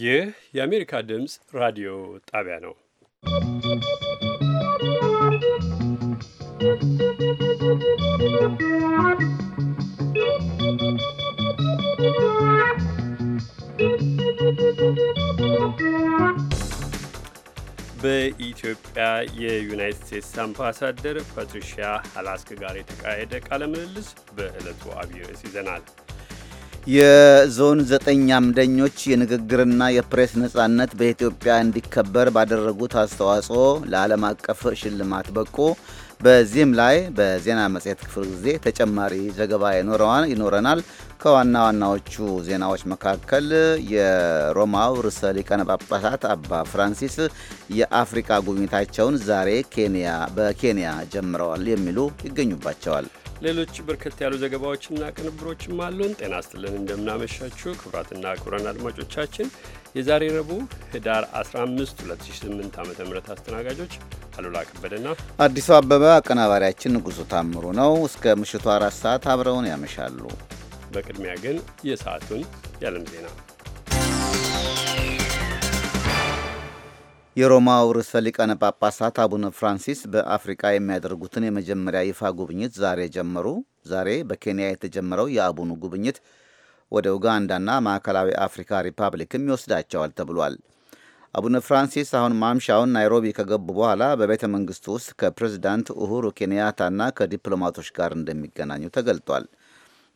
ይህ የአሜሪካ ድምፅ ራዲዮ ጣቢያ ነው። በኢትዮጵያ የዩናይትድ ስቴትስ አምባሳደር ፓትሪሺያ ሀላስክ ጋር የተካሄደ ቃለ ምልልስ በዕለቱ አብይ ርዕስ ይዘናል። የዞን ዘጠኝ አምደኞች የንግግርና የፕሬስ ነጻነት በኢትዮጵያ እንዲከበር ባደረጉት አስተዋጽኦ ለዓለም አቀፍ ሽልማት በቁ። በዚህም ላይ በዜና መጽሔት ክፍል ጊዜ ተጨማሪ ዘገባ ይኖረናል። ከዋና ዋናዎቹ ዜናዎች መካከል የሮማው ርዕሰ ሊቃነ ጳጳሳት አባ ፍራንሲስ የአፍሪካ ጉብኝታቸውን ዛሬ በኬንያ ጀምረዋል የሚሉ ይገኙባቸዋል። ሌሎች በርከት ያሉ ዘገባዎችና ቅንብሮችም አሉን። ጤና ስትልን እንደምናመሻችሁ ክቡራትና ክቡራን አድማጮቻችን የዛሬ ረቡዕ ህዳር 15 2008 ዓ ም አስተናጋጆች አሉላ ከበደና አዲሱ አበበ፣ አቀናባሪያችን ንጉሱ ታምሩ ነው። እስከ ምሽቱ አራት ሰዓት አብረውን ያመሻሉ። በቅድሚያ ግን የሰዓቱን የዓለም ዜና የሮማው ርዕሰ ሊቃነ ጳጳሳት አቡነ ፍራንሲስ በአፍሪቃ የሚያደርጉትን የመጀመሪያ ይፋ ጉብኝት ዛሬ ጀመሩ። ዛሬ በኬንያ የተጀመረው የአቡኑ ጉብኝት ወደ ኡጋንዳና ማዕከላዊ አፍሪካ ሪፐብሊክም ይወስዳቸዋል ተብሏል። አቡነ ፍራንሲስ አሁን ማምሻውን ናይሮቢ ከገቡ በኋላ በቤተ መንግስቱ ውስጥ ከፕሬዚዳንት ኡሁሩ ኬንያታና ከዲፕሎማቶች ጋር እንደሚገናኙ ተገልጧል።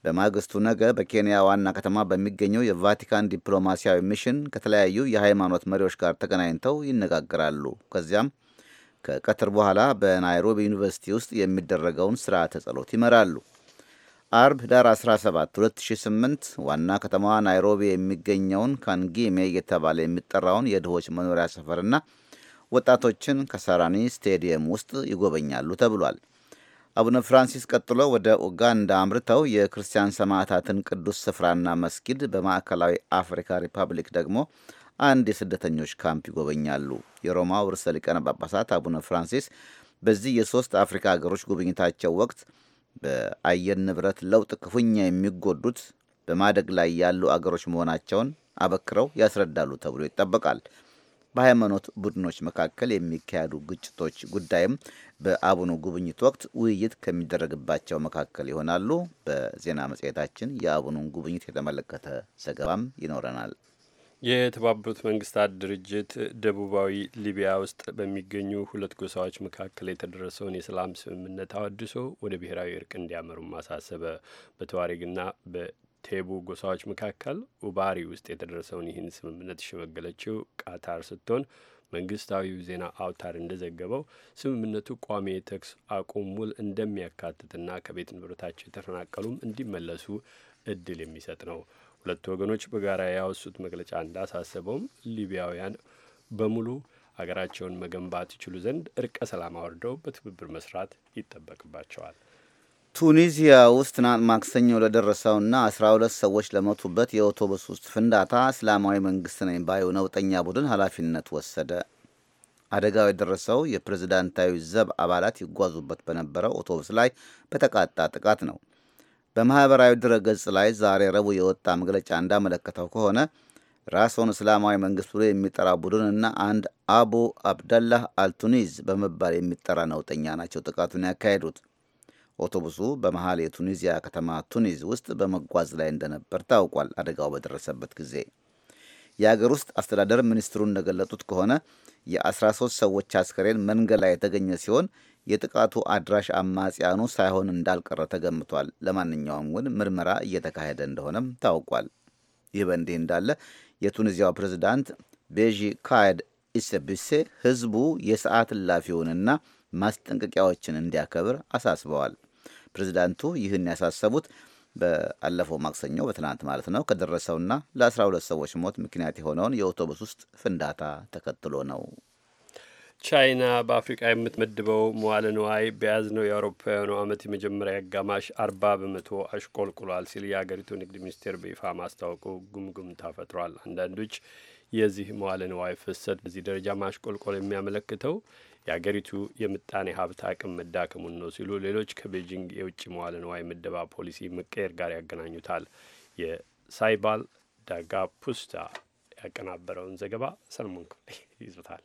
በማግስቱ ነገ በኬንያ ዋና ከተማ በሚገኘው የቫቲካን ዲፕሎማሲያዊ ሚሽን ከተለያዩ የሃይማኖት መሪዎች ጋር ተገናኝተው ይነጋገራሉ። ከዚያም ከቀትር በኋላ በናይሮቢ ዩኒቨርሲቲ ውስጥ የሚደረገውን ስርዓተ ጸሎት ይመራሉ። አርብ ዳር 17 2008 ዋና ከተማዋ ናይሮቢ የሚገኘውን ካንጊሜ እየተባለ የሚጠራውን የድሆች መኖሪያ ሰፈርና ወጣቶችን ከሳራኒ ስቴዲየም ውስጥ ይጎበኛሉ ተብሏል። አቡነ ፍራንሲስ ቀጥሎ ወደ ኡጋንዳ አምርተው የክርስቲያን ሰማዕታትን ቅዱስ ስፍራና መስጊድ፣ በማዕከላዊ አፍሪካ ሪፐብሊክ ደግሞ አንድ የስደተኞች ካምፕ ይጎበኛሉ። የሮማው ርዕሰ ሊቃነ ጳጳሳት አቡነ ፍራንሲስ በዚህ የሶስት አፍሪካ ሀገሮች ጉብኝታቸው ወቅት በአየር ንብረት ለውጥ ክፉኛ የሚጎዱት በማደግ ላይ ያሉ አገሮች መሆናቸውን አበክረው ያስረዳሉ ተብሎ ይጠበቃል። በሃይማኖት ቡድኖች መካከል የሚካሄዱ ግጭቶች ጉዳይም በአቡኑ ጉብኝት ወቅት ውይይት ከሚደረግባቸው መካከል ይሆናሉ። በዜና መጽሔታችን የአቡኑን ጉብኝት የተመለከተ ዘገባም ይኖረናል። የተባበሩት መንግስታት ድርጅት ደቡባዊ ሊቢያ ውስጥ በሚገኙ ሁለት ጎሳዎች መካከል የተደረሰውን የሰላም ስምምነት አወድሶ ወደ ብሔራዊ እርቅ እንዲያመሩም አሳሰበ። በተዋሬግና ቴቡ ጎሳዎች መካከል ኡባሪ ውስጥ የተደረሰውን ይህን ስምምነት የሸመገለችው ቃታር ስትሆን መንግስታዊው ዜና አውታር እንደዘገበው ስምምነቱ ቋሚ የተኩስ አቁም ውል እንደሚያካትትና ከቤት ንብረታቸው የተፈናቀሉም እንዲመለሱ እድል የሚሰጥ ነው። ሁለቱ ወገኖች በጋራ ያወሱት መግለጫ እንዳሳሰበውም ሊቢያውያን በሙሉ አገራቸውን መገንባት ይችሉ ዘንድ እርቀ ሰላም አወርደው በትብብር መስራት ይጠበቅባቸዋል። ቱኒዚያ ውስጥ ትናንት ማክሰኞ ለደረሰውና 12 ሰዎች ለሞቱበት የአውቶቡስ ውስጥ ፍንዳታ እስላማዊ መንግስት ነኝ ባዩ ነውጠኛ ቡድን ኃላፊነት ወሰደ። አደጋው የደረሰው የፕሬዝዳንታዊ ዘብ አባላት ይጓዙበት በነበረው አውቶቡስ ላይ በተቃጣ ጥቃት ነው። በማኅበራዊ ድረገጽ ላይ ዛሬ ረቡዕ የወጣ መግለጫ እንዳመለከተው ከሆነ ራሱን እስላማዊ መንግስት ብሎ የሚጠራ ቡድንና አንድ አቡ አብደላህ አልቱኒዝ በመባል የሚጠራ ነውጠኛ ናቸው ጥቃቱን ያካሄዱት። አውቶቡሱ በመሃል የቱኒዚያ ከተማ ቱኒዝ ውስጥ በመጓዝ ላይ እንደነበር ታውቋል። አደጋው በደረሰበት ጊዜ የአገር ውስጥ አስተዳደር ሚኒስትሩ እንደገለጡት ከሆነ የ13 ሰዎች አስከሬን መንገድ ላይ የተገኘ ሲሆን የጥቃቱ አድራሽ አማጽያኑ ሳይሆን እንዳልቀረ ተገምቷል። ለማንኛውም ግን ምርመራ እየተካሄደ እንደሆነም ታውቋል። ይህ በእንዲህ እንዳለ የቱኒዚያው ፕሬዝዳንት ቤዢ ካይድ ኢሴቢሴ ህዝቡ የሰዓት እላፊውንና ማስጠንቀቂያዎችን እንዲያከብር አሳስበዋል። ፕሬዚዳንቱ ይህን ያሳሰቡት በአለፈው ማክሰኞ በትናንት ማለት ነው ከደረሰውና ለ12 ሰዎች ሞት ምክንያት የሆነውን የአውቶቡስ ውስጥ ፍንዳታ ተከትሎ ነው። ቻይና በአፍሪቃ የምትመድበው መዋለ ንዋይ በያዝነው የአውሮፓውያኑ ዓመት የመጀመሪያ አጋማሽ አርባ በመቶ አሽቆልቁሏል ሲል የአገሪቱ ንግድ ሚኒስቴር በይፋ ማስታወቁ ጉምጉምታ ፈጥሯል። አንዳንዶች የዚህ መዋለ ንዋይ ፍሰት በዚህ ደረጃ ማሽቆልቆል የሚያመለክተው የአገሪቱ የምጣኔ ሀብት አቅም መዳከሙን ነው ሲሉ ሌሎች ከቤጂንግ የውጭ መዋለ ንዋይ ምደባ ፖሊሲ መቀየር ጋር ያገናኙታል። የሳይባል ዳጋ ፑስታ ያቀናበረውን ዘገባ ሰለሞን ክፍሌ ይዞታል።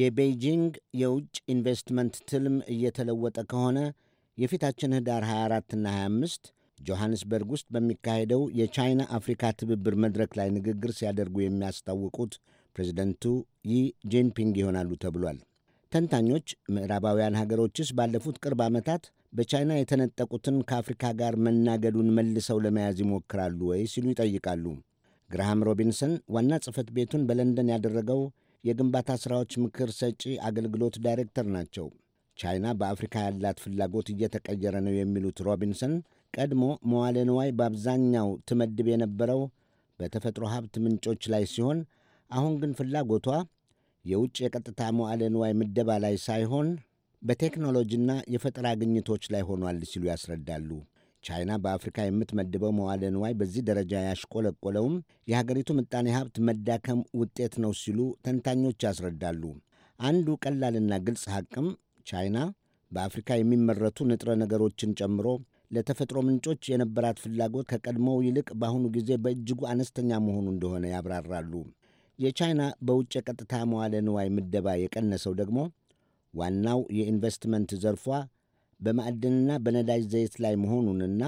የቤጂንግ የውጭ ኢንቨስትመንት ትልም እየተለወጠ ከሆነ የፊታችን ህዳር 24ና 25 ጆሐንስበርግ ውስጥ በሚካሄደው የቻይና አፍሪካ ትብብር መድረክ ላይ ንግግር ሲያደርጉ የሚያስታውቁት ፕሬዚደንቱ ይ ጂንፒንግ ይሆናሉ ተብሏል። ተንታኞች ምዕራባውያን ሀገሮችስ ባለፉት ቅርብ ዓመታት በቻይና የተነጠቁትን ከአፍሪካ ጋር መናገዱን መልሰው ለመያዝ ይሞክራሉ ወይ ሲሉ ይጠይቃሉ። ግርሃም ሮቢንሰን ዋና ጽሕፈት ቤቱን በለንደን ያደረገው የግንባታ ሥራዎች ምክር ሰጪ አገልግሎት ዳይሬክተር ናቸው። ቻይና በአፍሪካ ያላት ፍላጎት እየተቀየረ ነው የሚሉት ሮቢንሰን ቀድሞ መዋለ ንዋይ በአብዛኛው ትመድብ የነበረው በተፈጥሮ ሀብት ምንጮች ላይ ሲሆን አሁን ግን ፍላጎቷ የውጭ የቀጥታ መዋዕለ ንዋይ ምደባ ላይ ሳይሆን በቴክኖሎጂና የፈጠራ ግኝቶች ላይ ሆኗል ሲሉ ያስረዳሉ። ቻይና በአፍሪካ የምትመድበው መዋዕለ ንዋይ በዚህ ደረጃ ያሽቆለቆለውም የሀገሪቱ ምጣኔ ሀብት መዳከም ውጤት ነው ሲሉ ተንታኞች ያስረዳሉ። አንዱ ቀላልና ግልጽ ሐቅም ቻይና በአፍሪካ የሚመረቱ ንጥረ ነገሮችን ጨምሮ ለተፈጥሮ ምንጮች የነበራት ፍላጎት ከቀድሞው ይልቅ በአሁኑ ጊዜ በእጅጉ አነስተኛ መሆኑ እንደሆነ ያብራራሉ። የቻይና በውጭ የቀጥታ መዋለ ንዋይ ምደባ የቀነሰው ደግሞ ዋናው የኢንቨስትመንት ዘርፏ በማዕድንና በነዳጅ ዘይት ላይ መሆኑንና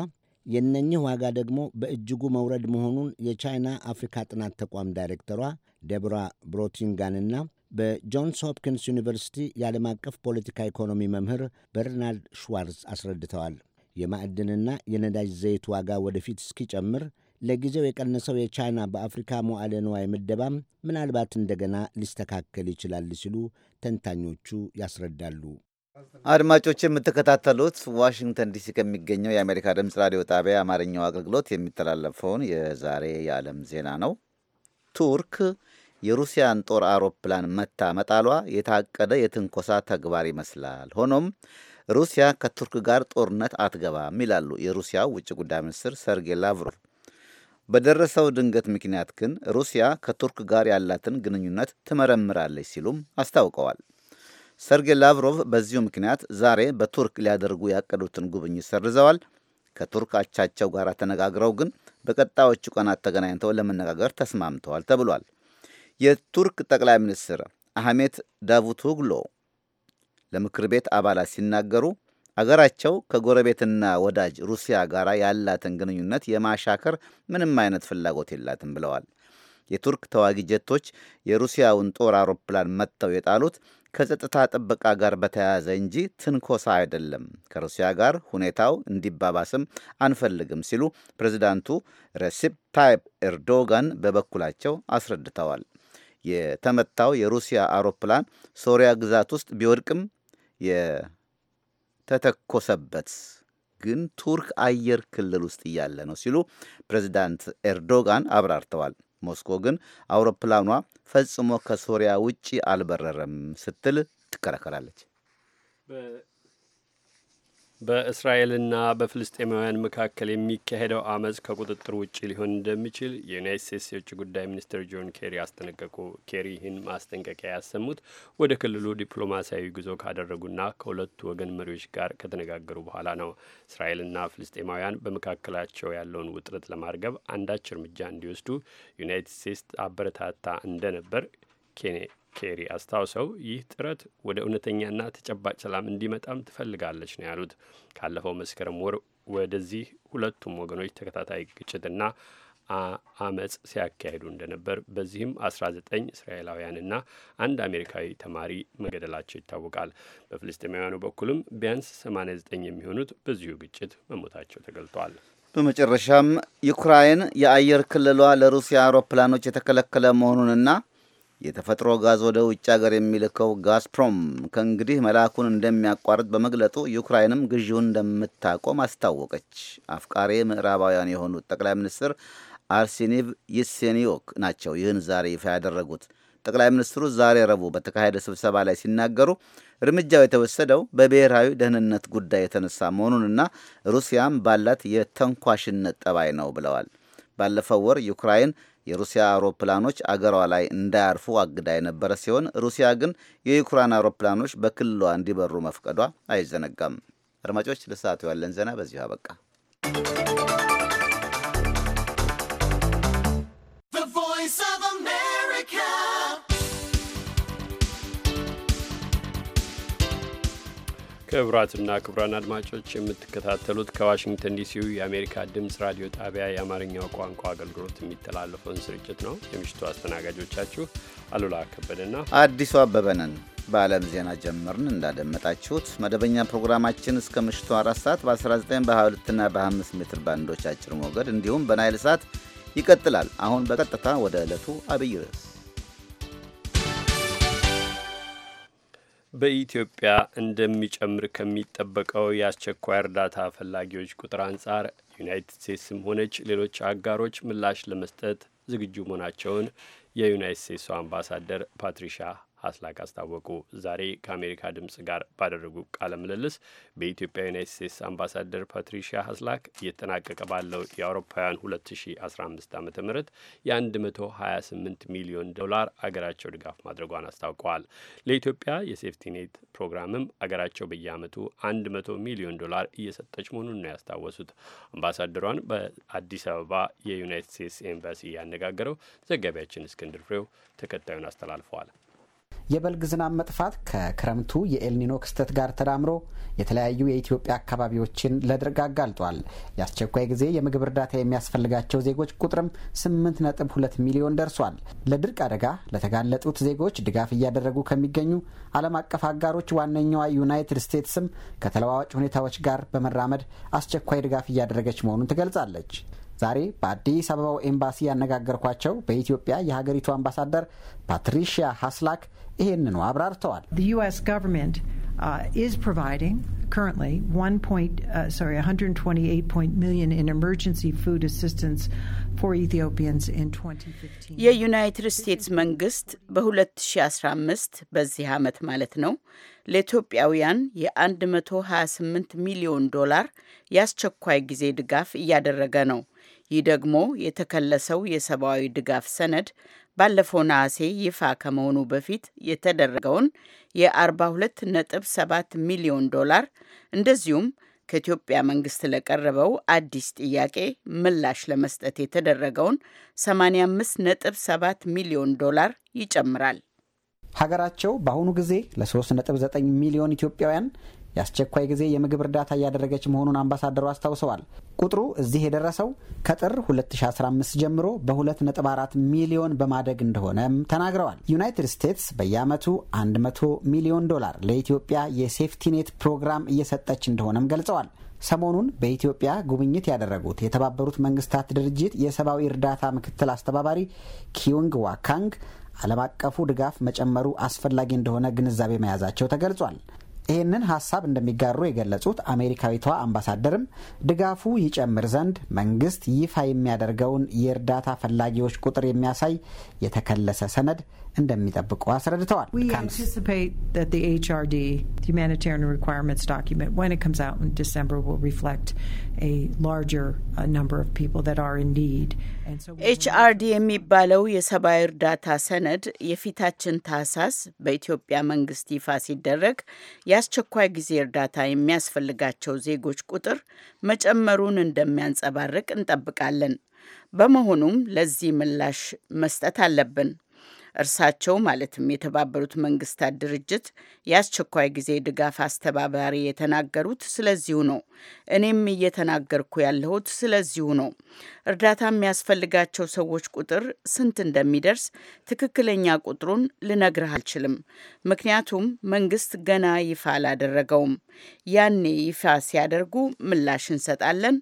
የእነኚህ ዋጋ ደግሞ በእጅጉ መውረድ መሆኑን የቻይና አፍሪካ ጥናት ተቋም ዳይሬክተሯ ደብራ ብሮቲንጋንና በጆንስ ሆፕኪንስ ዩኒቨርሲቲ የዓለም አቀፍ ፖለቲካ ኢኮኖሚ መምህር በርናርድ ሽዋርዝ አስረድተዋል። የማዕድንና የነዳጅ ዘይት ዋጋ ወደፊት እስኪጨምር ለጊዜው የቀነሰው የቻይና በአፍሪካ መዋለ ንዋይ ምደባም ምናልባት እንደገና ሊስተካከል ይችላል ሲሉ ተንታኞቹ ያስረዳሉ። አድማጮች የምትከታተሉት ዋሽንግተን ዲሲ ከሚገኘው የአሜሪካ ድምፅ ራዲዮ ጣቢያ የአማርኛው አገልግሎት የሚተላለፈውን የዛሬ የዓለም ዜና ነው። ቱርክ የሩሲያን ጦር አውሮፕላን መታ መጣሏ የታቀደ የትንኮሳ ተግባር ይመስላል። ሆኖም ሩሲያ ከቱርክ ጋር ጦርነት አትገባም ይላሉ የሩሲያው ውጭ ጉዳይ ሚኒስትር ሰርጌ ላቭሮቭ። በደረሰው ድንገት ምክንያት ግን ሩሲያ ከቱርክ ጋር ያላትን ግንኙነት ትመረምራለች ሲሉም አስታውቀዋል። ሰርጌ ላቭሮቭ በዚሁ ምክንያት ዛሬ በቱርክ ሊያደርጉ ያቀዱትን ጉብኝት ሰርዘዋል። ከቱርክ አቻቸው ጋር ተነጋግረው ግን በቀጣዮቹ ቀናት ተገናኝተው ለመነጋገር ተስማምተዋል ተብሏል። የቱርክ ጠቅላይ ሚኒስትር አህሜት ዳvuቶግሎ ለምክር ቤት አባላት ሲናገሩ ሀገራቸው ከጎረቤትና ወዳጅ ሩሲያ ጋር ያላትን ግንኙነት የማሻከር ምንም አይነት ፍላጎት የላትም ብለዋል። የቱርክ ተዋጊ ጀቶች የሩሲያውን ጦር አውሮፕላን መጥተው የጣሉት ከጸጥታ ጥበቃ ጋር በተያያዘ እንጂ ትንኮሳ አይደለም፣ ከሩሲያ ጋር ሁኔታው እንዲባባስም አንፈልግም ሲሉ ፕሬዚዳንቱ ረሲፕ ታይፕ ኤርዶጋን በበኩላቸው አስረድተዋል። የተመታው የሩሲያ አውሮፕላን ሶሪያ ግዛት ውስጥ ቢወድቅም ተተኮሰበት ግን ቱርክ አየር ክልል ውስጥ እያለ ነው ሲሉ ፕሬዚዳንት ኤርዶጋን አብራርተዋል። ሞስኮ ግን አውሮፕላኗ ፈጽሞ ከሶሪያ ውጪ አልበረረም ስትል ትከራከራለች። በእስራኤልና በፍልስጤማውያን መካከል የሚካሄደው አመፅ ከቁጥጥር ውጭ ሊሆን እንደሚችል የዩናይት ስቴትስ የውጭ ጉዳይ ሚኒስትር ጆን ኬሪ አስጠነቀቁ። ኬሪ ይህን ማስጠንቀቂያ ያሰሙት ወደ ክልሉ ዲፕሎማሲያዊ ጉዞ ካደረጉና ከሁለቱ ወገን መሪዎች ጋር ከተነጋገሩ በኋላ ነው። እስራኤልና ፍልስጤማውያን በመካከላቸው ያለውን ውጥረት ለማርገብ አንዳች እርምጃ እንዲወስዱ ዩናይትድ ስቴትስ አበረታታ እንደነበር ኬሪ አስታውሰው ይህ ጥረት ወደ እውነተኛና ተጨባጭ ሰላም እንዲመጣም ትፈልጋለች ነው ያሉት። ካለፈው መስከረም ወር ወደዚህ ሁለቱም ወገኖች ተከታታይ ግጭትና አመጽ ሲያካሂዱ እንደነበር በዚህም 19 እስራኤላውያንና አንድ አሜሪካዊ ተማሪ መገደላቸው ይታወቃል። በፍልስጤማውያኑ በኩልም ቢያንስ 89 የሚሆኑት በዚሁ ግጭት መሞታቸው ተገልጧል። በመጨረሻም ዩክራይን የአየር ክልሏ ለሩሲያ አውሮፕላኖች የተከለከለ መሆኑንና የተፈጥሮ ጋዝ ወደ ውጭ ሀገር የሚልከው ጋዝፕሮም ከእንግዲህ መልአኩን እንደሚያቋርጥ በመግለጡ ዩክራይንም ግዢውን እንደምታቆም አስታወቀች። አፍቃሪ ምዕራባውያን የሆኑት ጠቅላይ ሚኒስትር አርሲኒቭ ይሴኒዮክ ናቸው ይህን ዛሬ ይፋ ያደረጉት። ጠቅላይ ሚኒስትሩ ዛሬ ረቡዕ በተካሄደ ስብሰባ ላይ ሲናገሩ እርምጃው የተወሰደው በብሔራዊ ደህንነት ጉዳይ የተነሳ መሆኑንና ሩሲያም ባላት የተንኳሽነት ጠባይ ነው ብለዋል። ባለፈው ወር ዩክራይን የሩሲያ አውሮፕላኖች አገሯ ላይ እንዳያርፉ አግዳ የነበረ ሲሆን ሩሲያ ግን የዩክራይን አውሮፕላኖች በክልሏ እንዲበሩ መፍቀዷ አይዘነጋም። አድማጮች፣ ለሰዓቱ ያለን ዜና በዚሁ አበቃ። ክቡራትና ክቡራን አድማጮች የምትከታተሉት ከዋሽንግተን ዲሲው የአሜሪካ ድምፅ ራዲዮ ጣቢያ የአማርኛው ቋንቋ አገልግሎት የሚተላለፈውን ስርጭት ነው። የምሽቱ አስተናጋጆቻችሁ አሉላ ከበደና አዲሱ አበበ ነን። በዓለም ዜና ጀመርን። እንዳደመጣችሁት መደበኛ ፕሮግራማችን እስከ ምሽቱ አራት ሰዓት በ19 በ22ና በ25 ሜትር ባንዶች አጭር ሞገድ እንዲሁም በናይል ሰዓት ይቀጥላል። አሁን በቀጥታ ወደ ዕለቱ አብይ ርዕስ በኢትዮጵያ እንደሚጨምር ከሚጠበቀው የአስቸኳይ እርዳታ ፈላጊዎች ቁጥር አንጻር ዩናይትድ ስቴትስም ሆነች ሌሎች አጋሮች ምላሽ ለመስጠት ዝግጁ መሆናቸውን የዩናይትድ ስቴትሱ አምባሳደር ፓትሪሻ ሀስላክ አስታወቁ። ዛሬ ከአሜሪካ ድምጽ ጋር ባደረጉ ቃለ ምልልስ በኢትዮጵያ ዩናይት ስቴትስ አምባሳደር ፓትሪሺያ ሀስላክ እየተጠናቀቀ ባለው የአውሮፓውያን 2015 ዓ ም የ128 ሚሊዮን ዶላር አገራቸው ድጋፍ ማድረጓን አስታውቀዋል። ለኢትዮጵያ የሴፍቲኔት ፕሮግራምም አገራቸው በየአመቱ 100 ሚሊዮን ዶላር እየሰጠች መሆኑን ነው ያስታወሱት። አምባሳደሯን በአዲስ አበባ የዩናይት ስቴትስ ኤምባሲ ያነጋገረው ዘጋቢያችን እስክንድር ፍሬው ተከታዩን አስተላልፈዋል። የበልግ ዝናብ መጥፋት ከክረምቱ የኤልኒኖ ክስተት ጋር ተዳምሮ የተለያዩ የኢትዮጵያ አካባቢዎችን ለድርቅ አጋልጧል። የአስቸኳይ ጊዜ የምግብ እርዳታ የሚያስፈልጋቸው ዜጎች ቁጥርም 8.2 ሚሊዮን ደርሷል። ለድርቅ አደጋ ለተጋለጡት ዜጎች ድጋፍ እያደረጉ ከሚገኙ ዓለም አቀፍ አጋሮች ዋነኛዋ ዩናይትድ ስቴትስም ከተለዋዋጭ ሁኔታዎች ጋር በመራመድ አስቸኳይ ድጋፍ እያደረገች መሆኑን ትገልጻለች። ዛሬ በአዲስ አበባው ኤምባሲ ያነጋገርኳቸው በኢትዮጵያ የሀገሪቱ አምባሳደር ፓትሪሺያ ሀስላክ ይህንኑ አብራርተዋል። ዩስ ገቨርንመንት ኢዝ ፕሮቫይዲንግ currently 1 point, uh, sorry 128 point million in emergency food assistance for Ethiopians in 2015 የዩናይትድ ስቴትስ መንግስት በ2015 በዚህ ዓመት ማለት ነው ለኢትዮጵያውያን የ128 ሚሊዮን ዶላር የአስቸኳይ ጊዜ ድጋፍ እያደረገ ነው። ይህ ደግሞ የተከለሰው የሰብአዊ ድጋፍ ሰነድ ባለፈው ነሐሴ ይፋ ከመሆኑ በፊት የተደረገውን የ42.7 ሚሊዮን ዶላር እንደዚሁም ከኢትዮጵያ መንግስት ለቀረበው አዲስ ጥያቄ ምላሽ ለመስጠት የተደረገውን 85.7 ሚሊዮን ዶላር ይጨምራል። ሀገራቸው በአሁኑ ጊዜ ለ3.9 ሚሊዮን ኢትዮጵያውያን የአስቸኳይ ጊዜ የምግብ እርዳታ እያደረገች መሆኑን አምባሳደሩ አስታውሰዋል። ቁጥሩ እዚህ የደረሰው ከጥር 2015 ጀምሮ በ2.4 ሚሊዮን በማደግ እንደሆነም ተናግረዋል። ዩናይትድ ስቴትስ በየዓመቱ 100 ሚሊዮን ዶላር ለኢትዮጵያ የሴፍቲኔት ፕሮግራም እየሰጠች እንደሆነም ገልጸዋል። ሰሞኑን በኢትዮጵያ ጉብኝት ያደረጉት የተባበሩት መንግስታት ድርጅት የሰብአዊ እርዳታ ምክትል አስተባባሪ ኪዩንግ ዋካንግ ዓለም አቀፉ ድጋፍ መጨመሩ አስፈላጊ እንደሆነ ግንዛቤ መያዛቸው ተገልጿል። ይህንን ሀሳብ እንደሚጋሩ የገለጹት አሜሪካዊቷ አምባሳደርም ድጋፉ ይጨምር ዘንድ መንግስት ይፋ የሚያደርገውን የእርዳታ ፈላጊዎች ቁጥር የሚያሳይ የተከለሰ ሰነድ እንደሚጠብቁ አስረድተዋል። ኤችአርዲ uh, የሚባለው የሰብአዊ እርዳታ ሰነድ የፊታችን ታህሳስ በኢትዮጵያ መንግስት ይፋ ሲደረግ የአስቸኳይ ጊዜ እርዳታ የሚያስፈልጋቸው ዜጎች ቁጥር መጨመሩን እንደሚያንጸባርቅ እንጠብቃለን። በመሆኑም ለዚህ ምላሽ መስጠት አለብን። እርሳቸው ማለትም የተባበሩት መንግስታት ድርጅት የአስቸኳይ ጊዜ ድጋፍ አስተባባሪ የተናገሩት ስለዚሁ ነው። እኔም እየተናገርኩ ያለሁት ስለዚሁ ነው። እርዳታ የሚያስፈልጋቸው ሰዎች ቁጥር ስንት እንደሚደርስ ትክክለኛ ቁጥሩን ልነግርህ አልችልም። ምክንያቱም መንግስት ገና ይፋ አላደረገውም። ያኔ ይፋ ሲያደርጉ ምላሽ እንሰጣለን።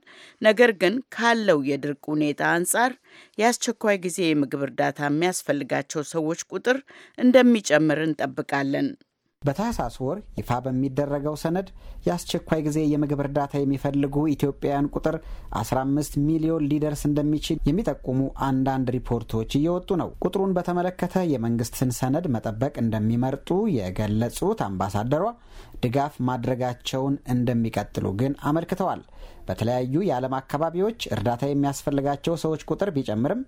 ነገር ግን ካለው የድርቅ ሁኔታ አንጻር የአስቸኳይ ጊዜ የምግብ እርዳታ የሚያስፈልጋቸው ሰዎች ቁጥር እንደሚጨምር እንጠብቃለን። በታህሳስ ወር ይፋ በሚደረገው ሰነድ የአስቸኳይ ጊዜ የምግብ እርዳታ የሚፈልጉ ኢትዮጵያውያን ቁጥር 15 ሚሊዮን ሊደርስ እንደሚችል የሚጠቁሙ አንዳንድ ሪፖርቶች እየወጡ ነው። ቁጥሩን በተመለከተ የመንግስትን ሰነድ መጠበቅ እንደሚመርጡ የገለጹት አምባሳደሯ ድጋፍ ማድረጋቸውን እንደሚቀጥሉ ግን አመልክተዋል። በተለያዩ የዓለም አካባቢዎች እርዳታ የሚያስፈልጋቸው ሰዎች ቁጥር ቢጨምርም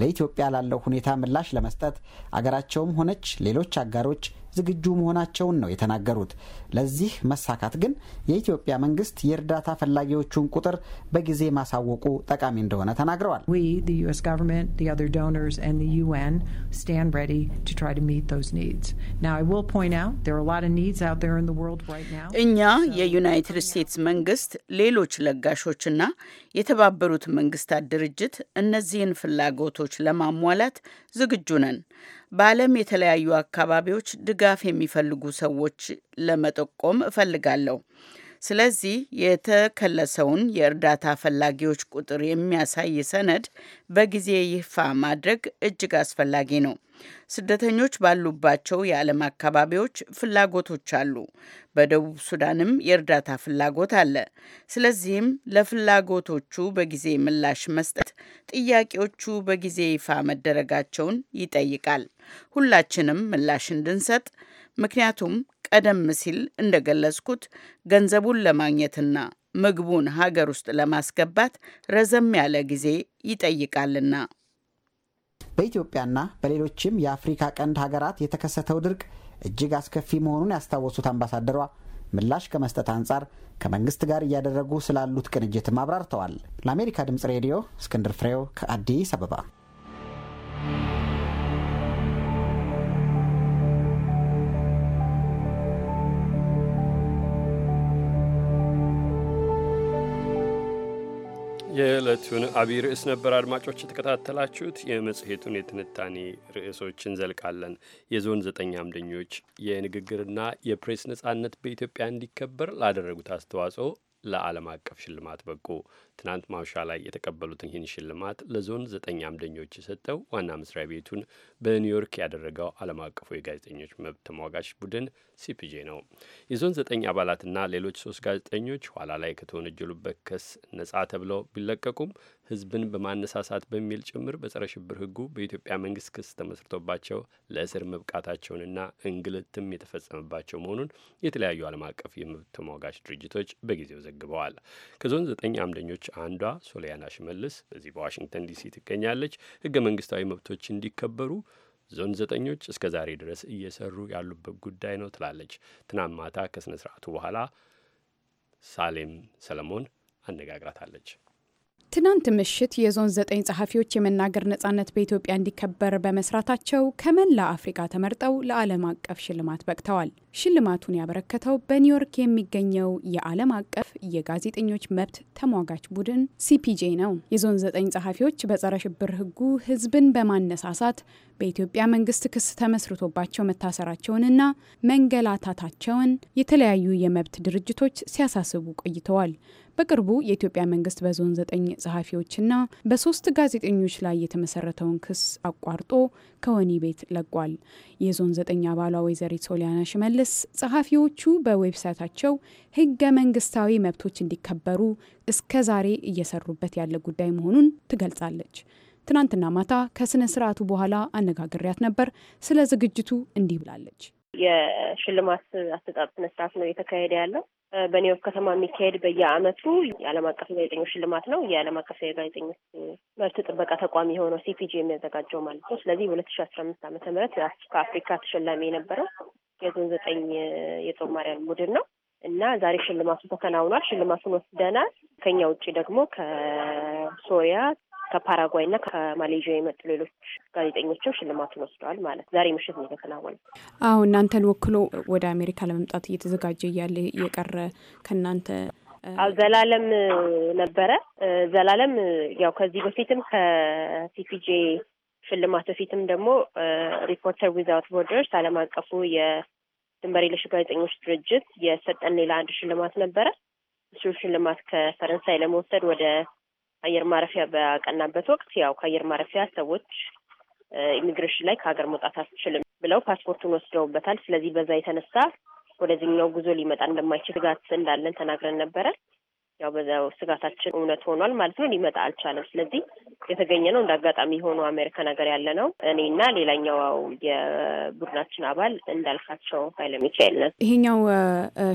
ለኢትዮጵያ ላለው ሁኔታ ምላሽ ለመስጠት አገራቸውም ሆነች ሌሎች አጋሮች ዝግጁ መሆናቸውን ነው የተናገሩት። ለዚህ መሳካት ግን የኢትዮጵያ መንግስት የእርዳታ ፈላጊዎቹን ቁጥር በጊዜ ማሳወቁ ጠቃሚ እንደሆነ ተናግረዋል። እኛ የዩናይትድ ስቴትስ መንግስት፣ ሌሎች ለጋሾችና የተባበሩት መንግስታት ድርጅት እነዚህን ፍላጎቶች ለማሟላት ዝግጁ ነን። በዓለም የተለያዩ አካባቢዎች ድጋፍ የሚፈልጉ ሰዎች ለመጠቆም እፈልጋለሁ። ስለዚህ የተከለሰውን የእርዳታ ፈላጊዎች ቁጥር የሚያሳይ ሰነድ በጊዜ ይፋ ማድረግ እጅግ አስፈላጊ ነው። ስደተኞች ባሉባቸው የዓለም አካባቢዎች ፍላጎቶች አሉ። በደቡብ ሱዳንም የእርዳታ ፍላጎት አለ። ስለዚህም ለፍላጎቶቹ በጊዜ ምላሽ መስጠት ጥያቄዎቹ በጊዜ ይፋ መደረጋቸውን ይጠይቃል። ሁላችንም ምላሽ እንድንሰጥ ምክንያቱም ቀደም ሲል እንደገለጽኩት ገንዘቡን ለማግኘትና ምግቡን ሀገር ውስጥ ለማስገባት ረዘም ያለ ጊዜ ይጠይቃልና። በኢትዮጵያና በሌሎችም የአፍሪካ ቀንድ ሀገራት የተከሰተው ድርቅ እጅግ አስከፊ መሆኑን ያስታወሱት አምባሳደሯ ምላሽ ከመስጠት አንጻር ከመንግስት ጋር እያደረጉ ስላሉት ቅንጅትም አብራርተዋል። ለአሜሪካ ድምጽ ሬዲዮ እስክንድር ፍሬው ከአዲስ አበባ የዕለቱን አብይ ርዕስ ነበር አድማጮች የተከታተላችሁት። የመጽሔቱን የትንታኔ ርዕሶች እንዘልቃለን። የዞን ዘጠኝ አምደኞች የንግግርና የፕሬስ ነጻነት በኢትዮጵያ እንዲከበር ላደረጉት አስተዋጽኦ ለዓለም አቀፍ ሽልማት በቁ። ትናንት ማውሻ ላይ የተቀበሉትን ይህን ሽልማት ለዞን ዘጠኝ አምደኞች የሰጠው ዋና መስሪያ ቤቱን በኒውዮርክ ያደረገው ዓለም አቀፉ የጋዜጠኞች መብት ተሟጋች ቡድን ሲፒጄ ነው። የዞን ዘጠኝ አባላትና ሌሎች ሶስት ጋዜጠኞች ኋላ ላይ ከተወነጀሉበት ክስ ነጻ ተብለው ቢለቀቁም ሕዝብን በማነሳሳት በሚል ጭምር በጸረ ሽብር ሕጉ በኢትዮጵያ መንግስት ክስ ተመስርቶባቸው ለእስር መብቃታቸውንና እንግልትም የተፈጸመባቸው መሆኑን የተለያዩ ዓለም አቀፍ የመብት ተሟጋች ድርጅቶች በጊዜው ዘግበዋል። ከዞን ዘጠኝ አምደኞች መሪዎች አንዷ ሶሊያና ሽመልስ በዚህ በዋሽንግተን ዲሲ ትገኛለች። ህገ መንግስታዊ መብቶች እንዲከበሩ ዞን ዘጠኞች እስከ ዛሬ ድረስ እየሰሩ ያሉበት ጉዳይ ነው ትላለች። ትናንት ማታ ከስነ ስርዓቱ በኋላ ሳሌም ሰለሞን አነጋግራታለች። ትናንት ምሽት የዞን ዘጠኝ ጸሐፊዎች የመናገር ነጻነት በኢትዮጵያ እንዲከበር በመስራታቸው ከመላ አፍሪካ ተመርጠው ለዓለም አቀፍ ሽልማት በቅተዋል። ሽልማቱን ያበረከተው በኒውዮርክ የሚገኘው የዓለም አቀፍ የጋዜጠኞች መብት ተሟጋች ቡድን ሲፒጄ ነው። የዞን ዘጠኝ ጸሐፊዎች በጸረ ሽብር ህጉ ህዝብን በማነሳሳት በኢትዮጵያ መንግስት ክስ ተመስርቶባቸው መታሰራቸውንና መንገላታታቸውን የተለያዩ የመብት ድርጅቶች ሲያሳስቡ ቆይተዋል። በቅርቡ የኢትዮጵያ መንግስት በዞን ዘጠኝ ጸሐፊዎችና በሶስት ጋዜጠኞች ላይ የተመሰረተውን ክስ አቋርጦ ከወኒ ቤት ለቋል። የዞን ዘጠኝ አባሏ ወይዘሪት ሶሊያና ሽመልስ ጸሐፊዎቹ በዌብሳይታቸው ህገ መንግስታዊ መብቶች እንዲከበሩ እስከ ዛሬ እየሰሩበት ያለ ጉዳይ መሆኑን ትገልጻለች። ትናንትና ማታ ከስነ ስርዓቱ በኋላ አነጋግሪያት ነበር። ስለ ዝግጅቱ እንዲህ ብላለች። የሽልማት አሰጣጥ ስነ ስርዓት ነው እየተካሄደ ያለው በኒውዮርክ ከተማ የሚካሄድ በየአመቱ የዓለም አቀፍ የጋዜጠኞች ሽልማት ነው። የዓለም አቀፍ የጋዜጠኞች መብት ጥበቃ ተቋሚ የሆነው ሲፒጂ የሚያዘጋጀው ማለት ነው። ስለዚህ በሁለት ሺ አስራ አምስት አመተ ምህረት ከአፍሪካ ተሸላሚ የነበረው የዞን ዘጠኝ የጦማርያን ቡድን ነው። እና ዛሬ ሽልማቱ ተከናውኗል። ሽልማቱን ወስደናል። ከኛ ውጭ ደግሞ ከሶሪያ ከፓራጓይ እና ከማሌዥያ የመጡ ሌሎች ጋዜጠኞችም ሽልማቱን ወስደዋል። ማለት ዛሬ ምሽት ነው የተከናወነ። አዎ እናንተን ወክሎ ወደ አሜሪካ ለመምጣት እየተዘጋጀ እያለ የቀረ ከእናንተ ዘላለም ነበረ። ዘላለም ያው ከዚህ በፊትም ከሲፒጄ ሽልማት በፊትም ደግሞ ሪፖርተር ዊዛውት ቦርደርስ ዓለም አቀፉ ድንበር የለሽ ጋዜጠኞች ድርጅት የሰጠን ሌላ አንድ ሽልማት ነበረ። እሱ ሽልማት ከፈረንሳይ ለመውሰድ ወደ አየር ማረፊያ በቀናበት ወቅት ያው ከአየር ማረፊያ ሰዎች ኢሚግሬሽን ላይ ከሀገር መውጣት አትችልም ብለው ፓስፖርቱን ወስደውበታል። ስለዚህ በዛ የተነሳ ወደዚህኛው ጉዞ ሊመጣ እንደማይችል ስጋት እንዳለን ተናግረን ነበረ። ያው በዛው ስጋታችን እውነት ሆኗል ማለት ነው። ሊመጣ አልቻለም። ስለዚህ የተገኘ ነው እንደ አጋጣሚ ሆኖ አሜሪካ ነገር ያለ ነው እኔና ሌላኛው የቡድናችን አባል እንዳልካቸው ኃይለ ሚካኤል ነን። ይሄኛው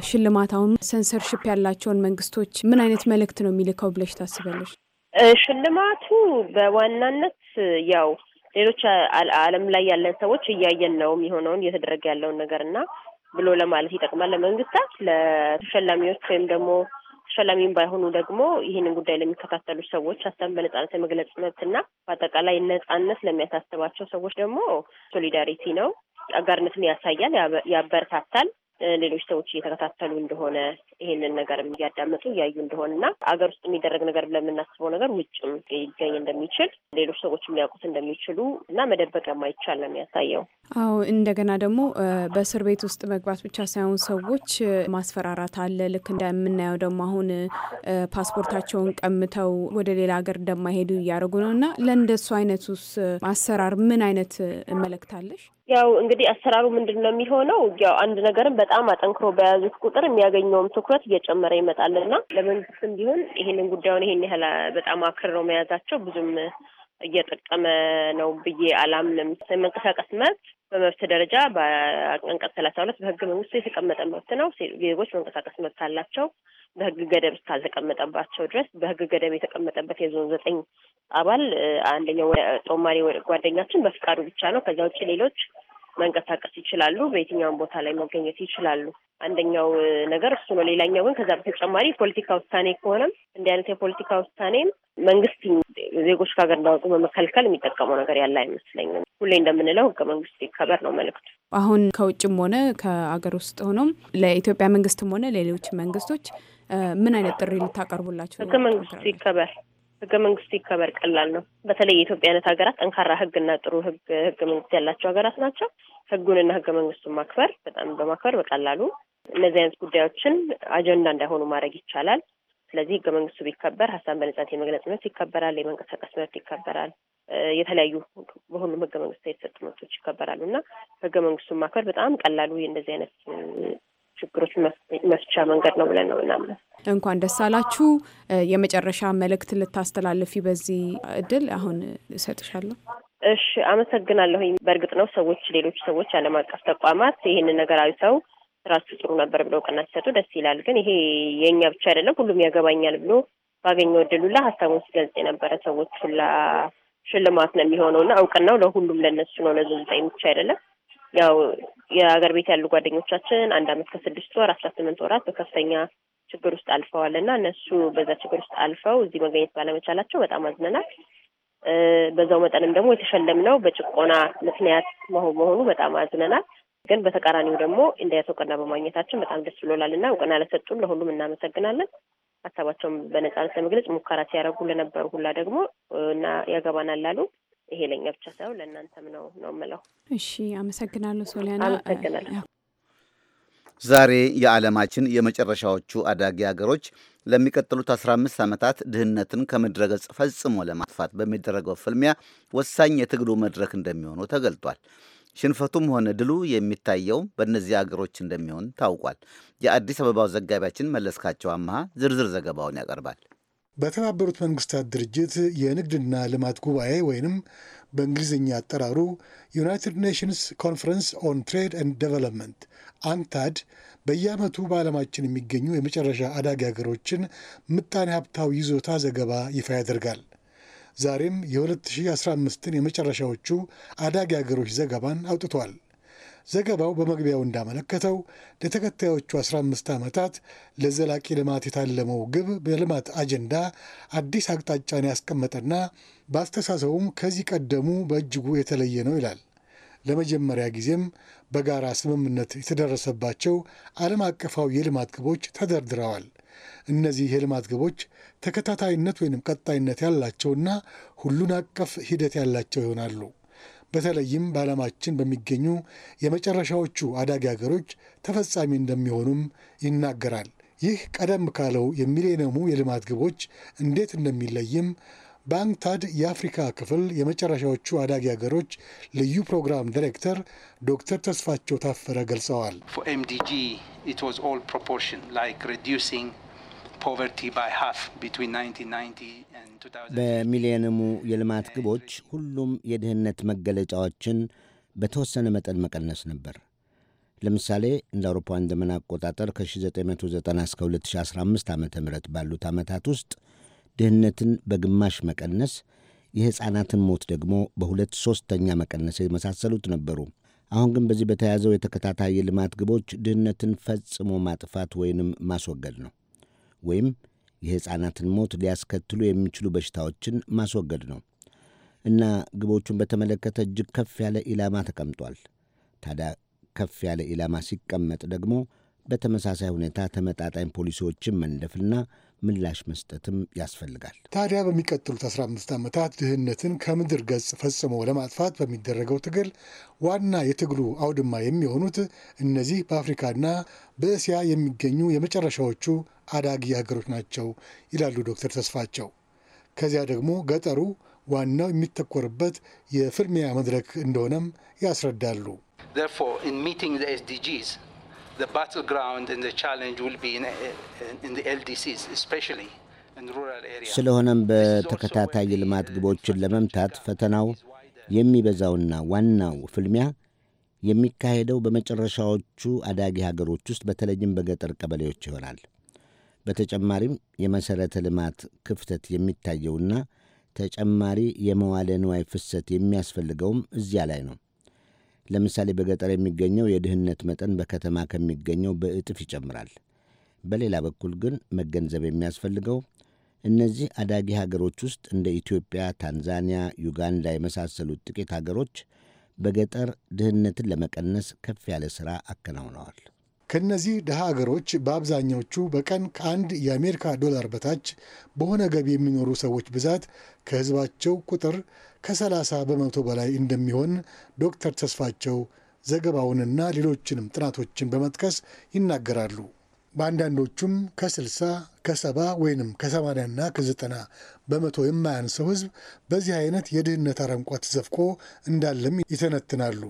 ሽልማት አሁን ሰንሰርሽፕ ያላቸውን መንግስቶች ምን አይነት መልእክት ነው የሚልከው ብለሽ ታስበለች? ሽልማቱ በዋናነት ያው ሌሎች ዓለም ላይ ያለን ሰዎች እያየን ነው የሚሆነውን እየተደረገ ያለውን ነገር እና ብሎ ለማለት ይጠቅማል። ለመንግስታት፣ ለተሸላሚዎች ወይም ደግሞ ተሸላሚም ባይሆኑ ደግሞ ይህንን ጉዳይ ለሚከታተሉ ሰዎች ሀሳብን በነጻነት የመግለጽ መብትና በአጠቃላይ ነጻነት ለሚያሳስባቸው ሰዎች ደግሞ ሶሊዳሪቲ ነው፣ አጋርነትን ያሳያል፣ ያበረታታል። ሌሎች ሰዎች እየተከታተሉ እንደሆነ ይሄንን ነገር እያዳመጡ እያዩ እንደሆነ እና አገር ውስጥ የሚደረግ ነገር ብለን ነገር ውጭም ሊገኝ እንደሚችል ሌሎች ሰዎች ሊያውቁት እንደሚችሉ እና መደበቅ የማይቻል ነው የሚያሳየው። አዎ እንደገና ደግሞ በእስር ቤት ውስጥ መግባት ብቻ ሳይሆን ሰዎች ማስፈራራት አለ። ልክ እንደምናየው ደግሞ አሁን ፓስፖርታቸውን ቀምተው ወደ ሌላ ሀገር እንደማይሄዱ እያደረጉ ነው እና ለእንደሱ አይነቱስ አሰራር ምን አይነት እመለክታለሽ? ያው እንግዲህ አሰራሩ ምንድን ነው የሚሆነው? ያው አንድ ነገርን በጣም አጠንክሮ በያዙት ቁጥር የሚያገኘውም ትኩረት እየጨመረ ይመጣል እና ለመንግስትም ቢሆን ይሄንን ጉዳዩን ይሄን ያህል በጣም አክርረው መያዛቸው ብዙም እየጠቀመ ነው ብዬ አላምንም። የመንቀሳቀስ መብት በመብት ደረጃ በአንቀጽ ሰላሳ ሁለት በህገ መንግስቱ የተቀመጠ መብት ነው። ዜጎች መንቀሳቀስ መብት አላቸው በህግ ገደብ እስካልተቀመጠባቸው ድረስ በህግ ገደብ የተቀመጠበት የዞን ዘጠኝ አባል አንደኛው ጦማሪ ጓደኛችን በፍቃዱ ብቻ ነው። ከዚያ ውጭ ሌሎች መንቀሳቀስ ይችላሉ፣ በየትኛውም ቦታ ላይ መገኘት ይችላሉ። አንደኛው ነገር እሱ ነው። ሌላኛው ግን ከዛ በተጨማሪ የፖለቲካ ውሳኔ ከሆነም እንዲህ አይነት የፖለቲካ ውሳኔም መንግስት ዜጎች ከሀገር እንዳወጡ በመከልከል የሚጠቀመው ነገር ያለ አይመስለኝም። ሁሌ እንደምንለው ህገ መንግስት ይከበር ነው መልእክቱ። አሁን ከውጭም ሆነ ከአገር ውስጥ ሆኖም ለኢትዮጵያ መንግስትም ሆነ ለሌሎች መንግስቶች ምን አይነት ጥሪ ልታቀርቡላቸው? ህገ መንግስቱ ይከበር ህገ መንግስቱ ይከበር ቀላል ነው። በተለይ የኢትዮጵያ አይነት ሀገራት ጠንካራ ህግና ጥሩ ህግ ህገ መንግስት ያላቸው ሀገራት ናቸው። ህጉንና ህገ መንግስቱን ማክበር በጣም በማክበር በቀላሉ እነዚህ አይነት ጉዳዮችን አጀንዳ እንዳይሆኑ ማድረግ ይቻላል። ስለዚህ ህገ መንግስቱ ቢከበር ሀሳብ በነጻት የመግለጽ መብት ይከበራል፣ የመንቀሳቀስ መብት ይከበራል፣ የተለያዩ በሁሉም ህገ መንግስት የተሰጡ መብቶች ይከበራሉ እና ህገ መንግስቱን ማክበር በጣም ቀላሉ እንደዚህ አይነት ችግሮች መፍቻ መንገድ ነው ብለን ነው ምናምን። እንኳን ደስ አላችሁ። የመጨረሻ መልእክት ልታስተላልፊ በዚህ እድል አሁን እሰጥሻለሁ። እሺ፣ አመሰግናለሁኝ። በእርግጥ ነው ሰዎች ሌሎች ሰዎች ዓለም አቀፍ ተቋማት ይህንን ነገር አይተው ስራችሁ ጥሩ ነበር ብለው እውቅና ሲሰጡ ደስ ይላል። ግን ይሄ የእኛ ብቻ አይደለም፣ ሁሉም ያገባኛል ብሎ ባገኘው እድል ሁላ ሀሳቡን ሲገልጽ የነበረ ሰዎች ሁላ ሽልማት ነው የሚሆነው እና እውቅናው ለሁሉም ለነሱ ነው ለዞን ብቻ አይደለም ያው የሀገር ቤት ያሉ ጓደኞቻችን አንድ አመት ከስድስት ወር አስራ ስምንት ወራት በከፍተኛ ችግር ውስጥ አልፈዋል እና እነሱ በዛ ችግር ውስጥ አልፈው እዚህ መገኘት ባለመቻላቸው በጣም አዝነናል። በዛው መጠንም ደግሞ የተሸለምነው በጭቆና ምክንያት መሆኑ በጣም አዝነናል። ግን በተቃራኒው ደግሞ እንዳያት እውቅና በማግኘታችን በጣም ደስ ብሎላል እና እውቅና ለሰጡን ለሁሉም እናመሰግናለን። ሀሳባቸውን በነጻነት ለመግለጽ ሙከራ ሲያደርጉ ለነበሩ ሁላ ደግሞ እና ያገባናል ላሉ ይሄ ለኛ ብቻ ሳይሆን ለእናንተም ነው ነው የምለው። እሺ፣ አመሰግናለሁ ሶሊያና። አመሰግናለሁ። ዛሬ የዓለማችን የመጨረሻዎቹ አዳጊ አገሮች ለሚቀጥሉት 15 ዓመታት ድህነትን ከምድረገጽ ፈጽሞ ለማጥፋት በሚደረገው ፍልሚያ ወሳኝ የትግሉ መድረክ እንደሚሆኑ ተገልጧል። ሽንፈቱም ሆነ ድሉ የሚታየው በእነዚህ አገሮች እንደሚሆን ታውቋል። የአዲስ አበባው ዘጋቢያችን መለስካቸው አመሃ ዝርዝር ዘገባውን ያቀርባል። በተባበሩት መንግስታት ድርጅት የንግድና ልማት ጉባኤ ወይንም በእንግሊዝኛ አጠራሩ ዩናይትድ ኔሽንስ ኮንፈረንስ ኦን ትሬድ ኤንድ ዴቨሎፕመንት አንታድ በየዓመቱ በዓለማችን የሚገኙ የመጨረሻ አዳጊ ሀገሮችን ምጣኔ ሀብታዊ ይዞታ ዘገባ ይፋ ያደርጋል። ዛሬም የ2015ን የመጨረሻዎቹ አዳጊ ሀገሮች ዘገባን አውጥቷል። ዘገባው በመግቢያው እንዳመለከተው ለተከታዮቹ 15 ዓመታት ለዘላቂ ልማት የታለመው ግብ በልማት አጀንዳ አዲስ አቅጣጫን ያስቀመጠና በአስተሳሰቡም ከዚህ ቀደሙ በእጅጉ የተለየ ነው ይላል። ለመጀመሪያ ጊዜም በጋራ ስምምነት የተደረሰባቸው ዓለም አቀፋዊ የልማት ግቦች ተደርድረዋል። እነዚህ የልማት ግቦች ተከታታይነት ወይንም ቀጣይነት ያላቸውና ሁሉን አቀፍ ሂደት ያላቸው ይሆናሉ። በተለይም በዓለማችን በሚገኙ የመጨረሻዎቹ አዳጊ ሀገሮች ተፈጻሚ እንደሚሆኑም ይናገራል። ይህ ቀደም ካለው የሚሌኒየሙ የልማት ግቦች እንዴት እንደሚለይም ባንክታድ የአፍሪካ ክፍል የመጨረሻዎቹ አዳጊ ሀገሮች ልዩ ፕሮግራም ዲሬክተር ዶክተር ተስፋቸው ታፈረ ገልጸዋል። በሚሊየንሙ የልማት ግቦች ሁሉም የድህነት መገለጫዎችን በተወሰነ መጠን መቀነስ ነበር። ለምሳሌ እንደ አውሮፓውያን ዘመን አቆጣጠር ከ1990 እስከ 2015 ዓ ም ባሉት ዓመታት ውስጥ ድህነትን በግማሽ መቀነስ፣ የሕፃናትን ሞት ደግሞ በሁለት ሦስተኛ መቀነስ የመሳሰሉት ነበሩ። አሁን ግን በዚህ በተያዘው የተከታታይ ልማት ግቦች ድህነትን ፈጽሞ ማጥፋት ወይንም ማስወገድ ነው ወይም የሕፃናትን ሞት ሊያስከትሉ የሚችሉ በሽታዎችን ማስወገድ ነው እና ግቦቹን በተመለከተ እጅግ ከፍ ያለ ኢላማ ተቀምጧል። ታዲያ ከፍ ያለ ኢላማ ሲቀመጥ ደግሞ በተመሳሳይ ሁኔታ ተመጣጣኝ ፖሊሲዎችን መንደፍና ምላሽ መስጠትም ያስፈልጋል። ታዲያ በሚቀጥሉት 15 ዓመታት ድህነትን ከምድር ገጽ ፈጽሞ ለማጥፋት በሚደረገው ትግል ዋና የትግሉ አውድማ የሚሆኑት እነዚህ በአፍሪካና በእስያ የሚገኙ የመጨረሻዎቹ አዳጊ ሀገሮች ናቸው ይላሉ ዶክተር ተስፋቸው። ከዚያ ደግሞ ገጠሩ ዋናው የሚተኮርበት የፍልሚያ መድረክ እንደሆነም ያስረዳሉ። the battleground and the challenge will be in, uh, in the LDCs especially ስለሆነም በተከታታይ ልማት uh, ግቦችን ለመምታት ፈተናው የሚበዛውና ዋናው ፍልሚያ የሚካሄደው በመጨረሻዎቹ አዳጊ ሀገሮች ውስጥ በተለይም በገጠር ቀበሌዎች ይሆናል። በተጨማሪም የመሠረተ ልማት ክፍተት የሚታየውና ተጨማሪ የመዋለ ንዋይ ፍሰት የሚያስፈልገውም እዚያ ላይ ነው። ለምሳሌ በገጠር የሚገኘው የድህነት መጠን በከተማ ከሚገኘው በእጥፍ ይጨምራል። በሌላ በኩል ግን መገንዘብ የሚያስፈልገው እነዚህ አዳጊ ሀገሮች ውስጥ እንደ ኢትዮጵያ፣ ታንዛኒያ፣ ዩጋንዳ የመሳሰሉት ጥቂት ሀገሮች በገጠር ድህነትን ለመቀነስ ከፍ ያለ ሥራ አከናውነዋል። ከእነዚህ ድሃ አገሮች በአብዛኛዎቹ በቀን ከአንድ የአሜሪካ ዶላር በታች በሆነ ገቢ የሚኖሩ ሰዎች ብዛት ከህዝባቸው ቁጥር ከ30 በመቶ በላይ እንደሚሆን ዶክተር ተስፋቸው ዘገባውንና ሌሎችንም ጥናቶችን በመጥቀስ ይናገራሉ። በአንዳንዶቹም ከ60 ከ70 ወይንም ከ80ና ከ90 በመቶ የማያንሰው ህዝብ በዚህ አይነት የድህነት አረንቋ ተዘፍቆ እንዳለም ይተነትናሉ።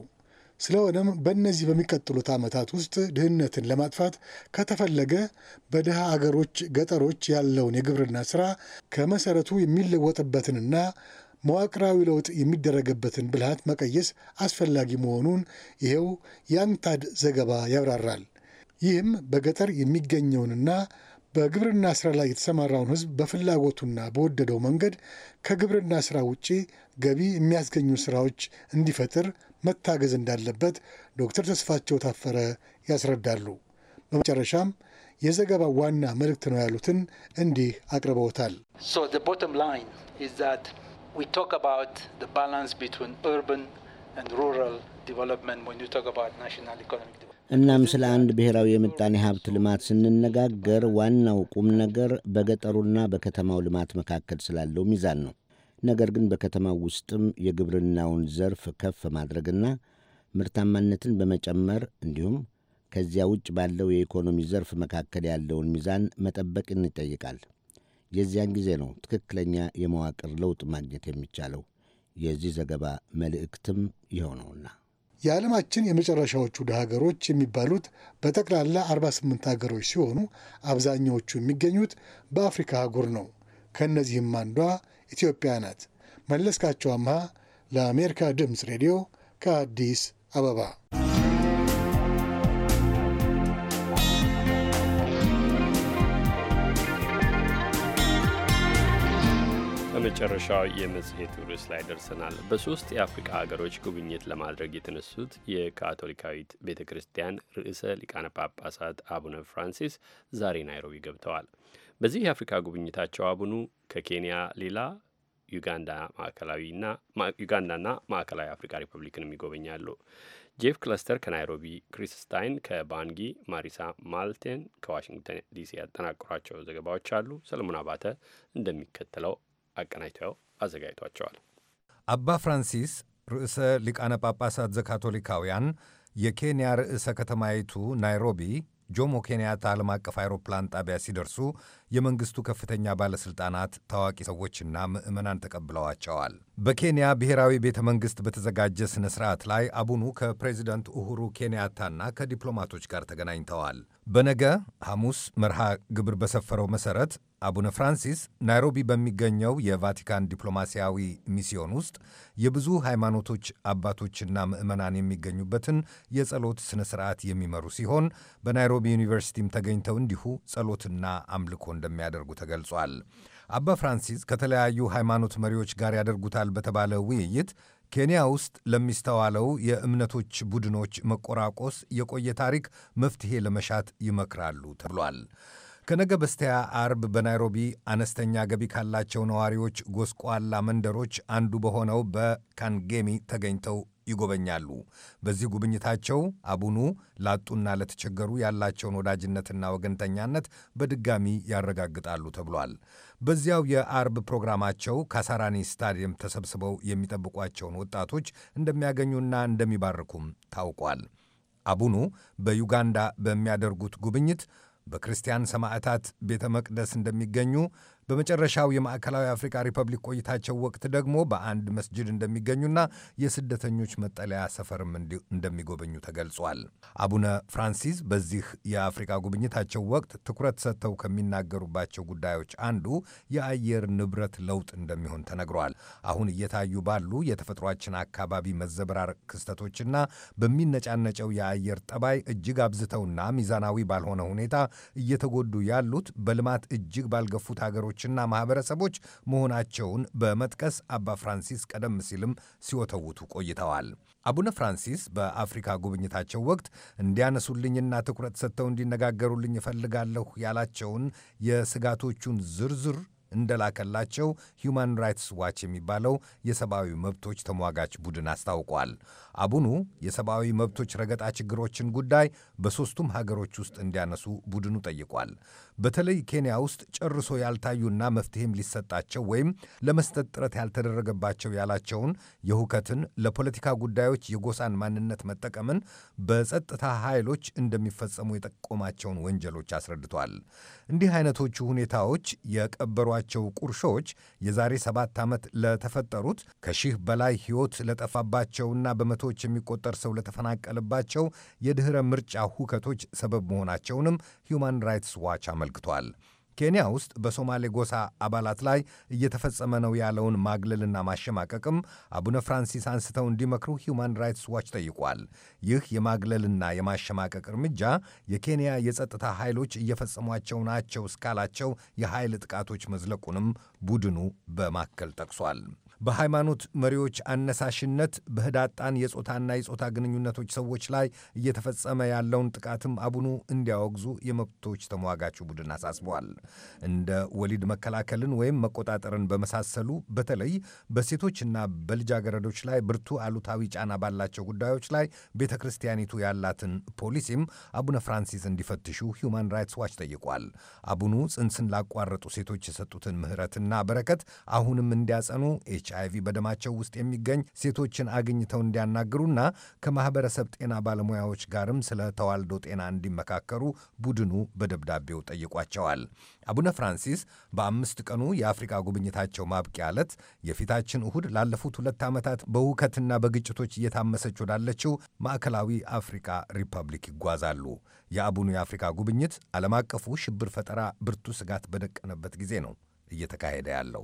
ስለሆነም በእነዚህ በሚቀጥሉት ዓመታት ውስጥ ድህነትን ለማጥፋት ከተፈለገ በድሃ አገሮች ገጠሮች ያለውን የግብርና ሥራ ከመሠረቱ የሚለወጥበትንና መዋቅራዊ ለውጥ የሚደረግበትን ብልሃት መቀየስ አስፈላጊ መሆኑን ይኸው የአንታድ ዘገባ ያብራራል። ይህም በገጠር የሚገኘውንና በግብርና ስራ ላይ የተሰማራውን ህዝብ በፍላጎቱና በወደደው መንገድ ከግብርና ስራ ውጪ ገቢ የሚያስገኙ ስራዎች እንዲፈጥር መታገዝ እንዳለበት ዶክተር ተስፋቸው ታፈረ ያስረዳሉ። በመጨረሻም የዘገባው ዋና መልእክት ነው ያሉትን እንዲህ አቅርበውታል። ባላንስ ቢትዊን ርባን ሩራል ዲቨሎፕመንት እናም ስለ አንድ ብሔራዊ የምጣኔ ሀብት ልማት ስንነጋገር ዋናው ቁም ነገር በገጠሩና በከተማው ልማት መካከል ስላለው ሚዛን ነው። ነገር ግን በከተማው ውስጥም የግብርናውን ዘርፍ ከፍ ማድረግና ምርታማነትን በመጨመር እንዲሁም ከዚያ ውጭ ባለው የኢኮኖሚ ዘርፍ መካከል ያለውን ሚዛን መጠበቅን ይጠይቃል። የዚያን ጊዜ ነው ትክክለኛ የመዋቅር ለውጥ ማግኘት የሚቻለው። የዚህ ዘገባ መልእክትም ይኸው ነውና የዓለማችን የመጨረሻዎቹ ድሃ ሀገሮች የሚባሉት በጠቅላላ 48 ሀገሮች ሲሆኑ አብዛኛዎቹ የሚገኙት በአፍሪካ አህጉር ነው። ከእነዚህም አንዷ ኢትዮጵያ ናት። መለስካቸው አምሃ ለአሜሪካ ድምፅ ሬዲዮ ከአዲስ አበባ መጨረሻው የመጽሔቱ ርዕስ ላይ ደርሰናል። በሶስት የአፍሪካ ሀገሮች ጉብኝት ለማድረግ የተነሱት የካቶሊካዊት ቤተ ክርስቲያን ርዕሰ ሊቃነ ጳጳሳት አቡነ ፍራንሲስ ዛሬ ናይሮቢ ገብተዋል። በዚህ የአፍሪካ ጉብኝታቸው አቡኑ ከኬንያ ሌላ ዩጋንዳና ማዕከላዊ አፍሪካ ሪፐብሊክንም ይጎበኛሉ። ጄፍ ክለስተር ከናይሮቢ፣ ክሪስ ስታይን ከባንጊ፣ ማሪሳ ማልቴን ከዋሽንግተን ዲሲ ያጠናቀሯቸው ዘገባዎች አሉ። ሰለሞን አባተ እንደሚከተለው አቀናጅተው አዘጋጅቷቸዋል። አባ ፍራንሲስ ርዕሰ ሊቃነ ጳጳሳት ዘካቶሊካውያን የኬንያ ርዕሰ ከተማይቱ ናይሮቢ ጆሞ ኬንያታ ዓለም አቀፍ አይሮፕላን ጣቢያ ሲደርሱ የመንግሥቱ ከፍተኛ ባለሥልጣናት፣ ታዋቂ ሰዎችና ምዕመናን ተቀብለዋቸዋል። በኬንያ ብሔራዊ ቤተ መንግሥት በተዘጋጀ ሥነ ሥርዓት ላይ አቡኑ ከፕሬዚደንት ኡሁሩ ኬንያታና ከዲፕሎማቶች ጋር ተገናኝተዋል። በነገ ሐሙስ መርሃ ግብር በሰፈረው መሠረት አቡነ ፍራንሲስ ናይሮቢ በሚገኘው የቫቲካን ዲፕሎማሲያዊ ሚስዮን ውስጥ የብዙ ሃይማኖቶች አባቶችና ምዕመናን የሚገኙበትን የጸሎት ሥነ ሥርዓት የሚመሩ ሲሆን በናይሮቢ ዩኒቨርሲቲም ተገኝተው እንዲሁ ጸሎትና አምልኮ እንደሚያደርጉ ተገልጿል። አባ ፍራንሲስ ከተለያዩ ሃይማኖት መሪዎች ጋር ያደርጉታል በተባለ ውይይት ኬንያ ውስጥ ለሚስተዋለው የእምነቶች ቡድኖች መቆራቆስ የቆየ ታሪክ መፍትሄ ለመሻት ይመክራሉ ተብሏል። ከነገ በስቲያ አርብ በናይሮቢ አነስተኛ ገቢ ካላቸው ነዋሪዎች ጎስቋላ መንደሮች አንዱ በሆነው በካንጌሚ ተገኝተው ይጎበኛሉ። በዚህ ጉብኝታቸው አቡኑ ላጡና ለተቸገሩ ያላቸውን ወዳጅነትና ወገንተኛነት በድጋሚ ያረጋግጣሉ ተብሏል። በዚያው የአርብ ፕሮግራማቸው ካሳራኒ ስታዲየም ተሰብስበው የሚጠብቋቸውን ወጣቶች እንደሚያገኙና እንደሚባርኩም ታውቋል። አቡኑ በዩጋንዳ በሚያደርጉት ጉብኝት በክርስቲያን ሰማዕታት ቤተ መቅደስ እንደሚገኙ በመጨረሻው የማዕከላዊ አፍሪካ ሪፐብሊክ ቆይታቸው ወቅት ደግሞ በአንድ መስጅድ እንደሚገኙና የስደተኞች መጠለያ ሰፈርም እንደሚጎበኙ ተገልጿል። አቡነ ፍራንሲስ በዚህ የአፍሪካ ጉብኝታቸው ወቅት ትኩረት ሰጥተው ከሚናገሩባቸው ጉዳዮች አንዱ የአየር ንብረት ለውጥ እንደሚሆን ተነግሯል። አሁን እየታዩ ባሉ የተፈጥሯችን አካባቢ መዘበራር ክስተቶችና በሚነጫነጨው የአየር ጠባይ እጅግ አብዝተውና ሚዛናዊ ባልሆነ ሁኔታ እየተጎዱ ያሉት በልማት እጅግ ባልገፉት ሀገሮች ሀገሮችና ማኅበረሰቦች መሆናቸውን በመጥቀስ አባ ፍራንሲስ ቀደም ሲልም ሲወተውቱ ቆይተዋል። አቡነ ፍራንሲስ በአፍሪካ ጉብኝታቸው ወቅት እንዲያነሱልኝና ትኩረት ሰጥተው እንዲነጋገሩልኝ እፈልጋለሁ ያላቸውን የስጋቶቹን ዝርዝር እንደላከላቸው ሁማን ራይትስ ዋች የሚባለው የሰብአዊ መብቶች ተሟጋች ቡድን አስታውቋል። አቡኑ የሰብአዊ መብቶች ረገጣ ችግሮችን ጉዳይ በሦስቱም ሀገሮች ውስጥ እንዲያነሱ ቡድኑ ጠይቋል። በተለይ ኬንያ ውስጥ ጨርሶ ያልታዩና መፍትሄም ሊሰጣቸው ወይም ለመስጠት ጥረት ያልተደረገባቸው ያላቸውን የሁከትን፣ ለፖለቲካ ጉዳዮች የጎሳን ማንነት መጠቀምን፣ በጸጥታ ኃይሎች እንደሚፈጸሙ የጠቆማቸውን ወንጀሎች አስረድቷል። እንዲህ አይነቶቹ ሁኔታዎች የቀበሯቸው ቁርሾዎች የዛሬ ሰባት ዓመት ለተፈጠሩት ከሺህ በላይ ሕይወት ለጠፋባቸውና በመቶ በመቶዎች የሚቆጠር ሰው ለተፈናቀለባቸው የድኅረ ምርጫ ሁከቶች ሰበብ መሆናቸውንም ሁማን ራይትስ ዋች አመልክቷል። ኬንያ ውስጥ በሶማሌ ጎሳ አባላት ላይ እየተፈጸመ ነው ያለውን ማግለልና ማሸማቀቅም አቡነ ፍራንሲስ አንስተው እንዲመክሩ ሁማን ራይትስ ዋች ጠይቋል። ይህ የማግለልና የማሸማቀቅ እርምጃ የኬንያ የጸጥታ ኃይሎች እየፈጸሟቸው ናቸው እስካላቸው የኃይል ጥቃቶች መዝለቁንም ቡድኑ በማከል ጠቅሷል። በሃይማኖት መሪዎች አነሳሽነት በህዳጣን የጾታና የጾታ ግንኙነቶች ሰዎች ላይ እየተፈጸመ ያለውን ጥቃትም አቡኑ እንዲያወግዙ የመብቶች ተሟጋቹ ቡድን አሳስበዋል። እንደ ወሊድ መከላከልን ወይም መቆጣጠርን በመሳሰሉ በተለይ በሴቶችና በልጃገረዶች ላይ ብርቱ አሉታዊ ጫና ባላቸው ጉዳዮች ላይ ቤተ ክርስቲያኒቱ ያላትን ፖሊሲም አቡነ ፍራንሲስ እንዲፈትሹ ሁማን ራይትስ ዋች ጠይቋል። አቡኑ ጽንስን ላቋረጡ ሴቶች የሰጡትን ምህረትና በረከት አሁንም እንዲያጸኑ ኤች ኤች አይቪ በደማቸው ውስጥ የሚገኝ ሴቶችን አግኝተው እንዲያናግሩና ከማህበረሰብ ጤና ባለሙያዎች ጋርም ስለ ተዋልዶ ጤና እንዲመካከሩ ቡድኑ በደብዳቤው ጠይቋቸዋል። አቡነ ፍራንሲስ በአምስት ቀኑ የአፍሪካ ጉብኝታቸው ማብቂያ ዕለት የፊታችን እሁድ ላለፉት ሁለት ዓመታት በሁከትና በግጭቶች እየታመሰች ወዳለችው ማዕከላዊ አፍሪካ ሪፐብሊክ ይጓዛሉ። የአቡኑ የአፍሪካ ጉብኝት ዓለም አቀፉ ሽብር ፈጠራ ብርቱ ስጋት በደቀነበት ጊዜ ነው እየተካሄደ ያለው።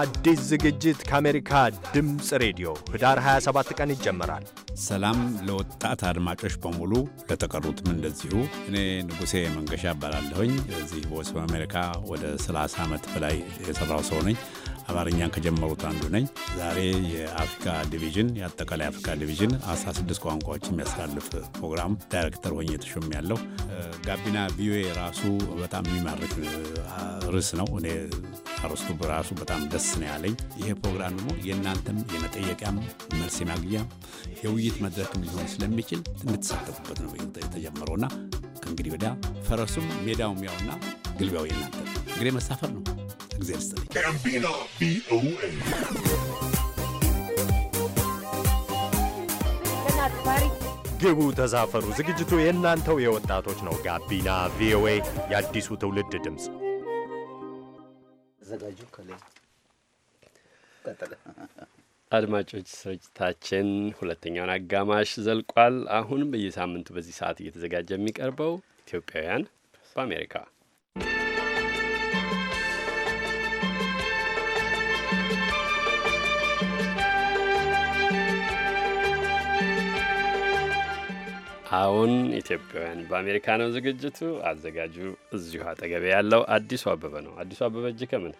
አዲስ ዝግጅት ከአሜሪካ ድምፅ ሬዲዮ ህዳር 27 ቀን ይጀመራል። ሰላም ለወጣት አድማጮች በሙሉ ለተቀሩትም እንደዚሁ። እኔ ንጉሴ መንገሻ እባላለሁኝ። እዚህ በወይስ ኦፍ አሜሪካ ወደ 30 ዓመት በላይ የሰራው ሰው ነኝ። አማርኛን ከጀመሩት አንዱ ነኝ። ዛሬ የአፍሪካ ዲቪዥን የአጠቃላይ አፍሪካ ዲቪዥን 16 ቋንቋዎች የሚያስተላልፍ ፕሮግራም ዳይሬክተር ሆኜ ተሾም ያለው ጋቢና ቪኦኤ ራሱ በጣም የሚማርክ ርዕስ ነው። እኔ አርስቱ በራሱ በጣም ደስ ነው ያለኝ። ይሄ ፕሮግራም ደግሞ የእናንተም የመጠየቂያም መልስ የማግኛ የውይይት መድረክም ሊሆን ስለሚችል እንድትሳተፉበት ነው የተጀመረውና ከእንግዲህ ወዲያ ፈረሱም ሜዳውም ያውና ግልቢያው የእናንተ እንግዲህ መሳፈር ነው። እግዚአብሔር ይስጥልኝ። ግቡ፣ ተሳፈሩ። ዝግጅቱ የእናንተው የወጣቶች ነው። ጋቢና ቪኦኤ የአዲሱ ትውልድ ድምፅ ዘጋጁ ከላይ ቀጥለ አድማጮች ስርጭታችን ሁለተኛውን አጋማሽ ዘልቋል። አሁን በየሳምንቱ በዚህ ሰዓት እየተዘጋጀ የሚቀርበው ኢትዮጵያውያን በአሜሪካ አሁን ኢትዮጵያውያን በአሜሪካ ነው ዝግጅቱ። አዘጋጁ እዚሁ አጠገቤ ያለው አዲሱ አበበ ነው። አዲሱ አበበ እጅ ከምን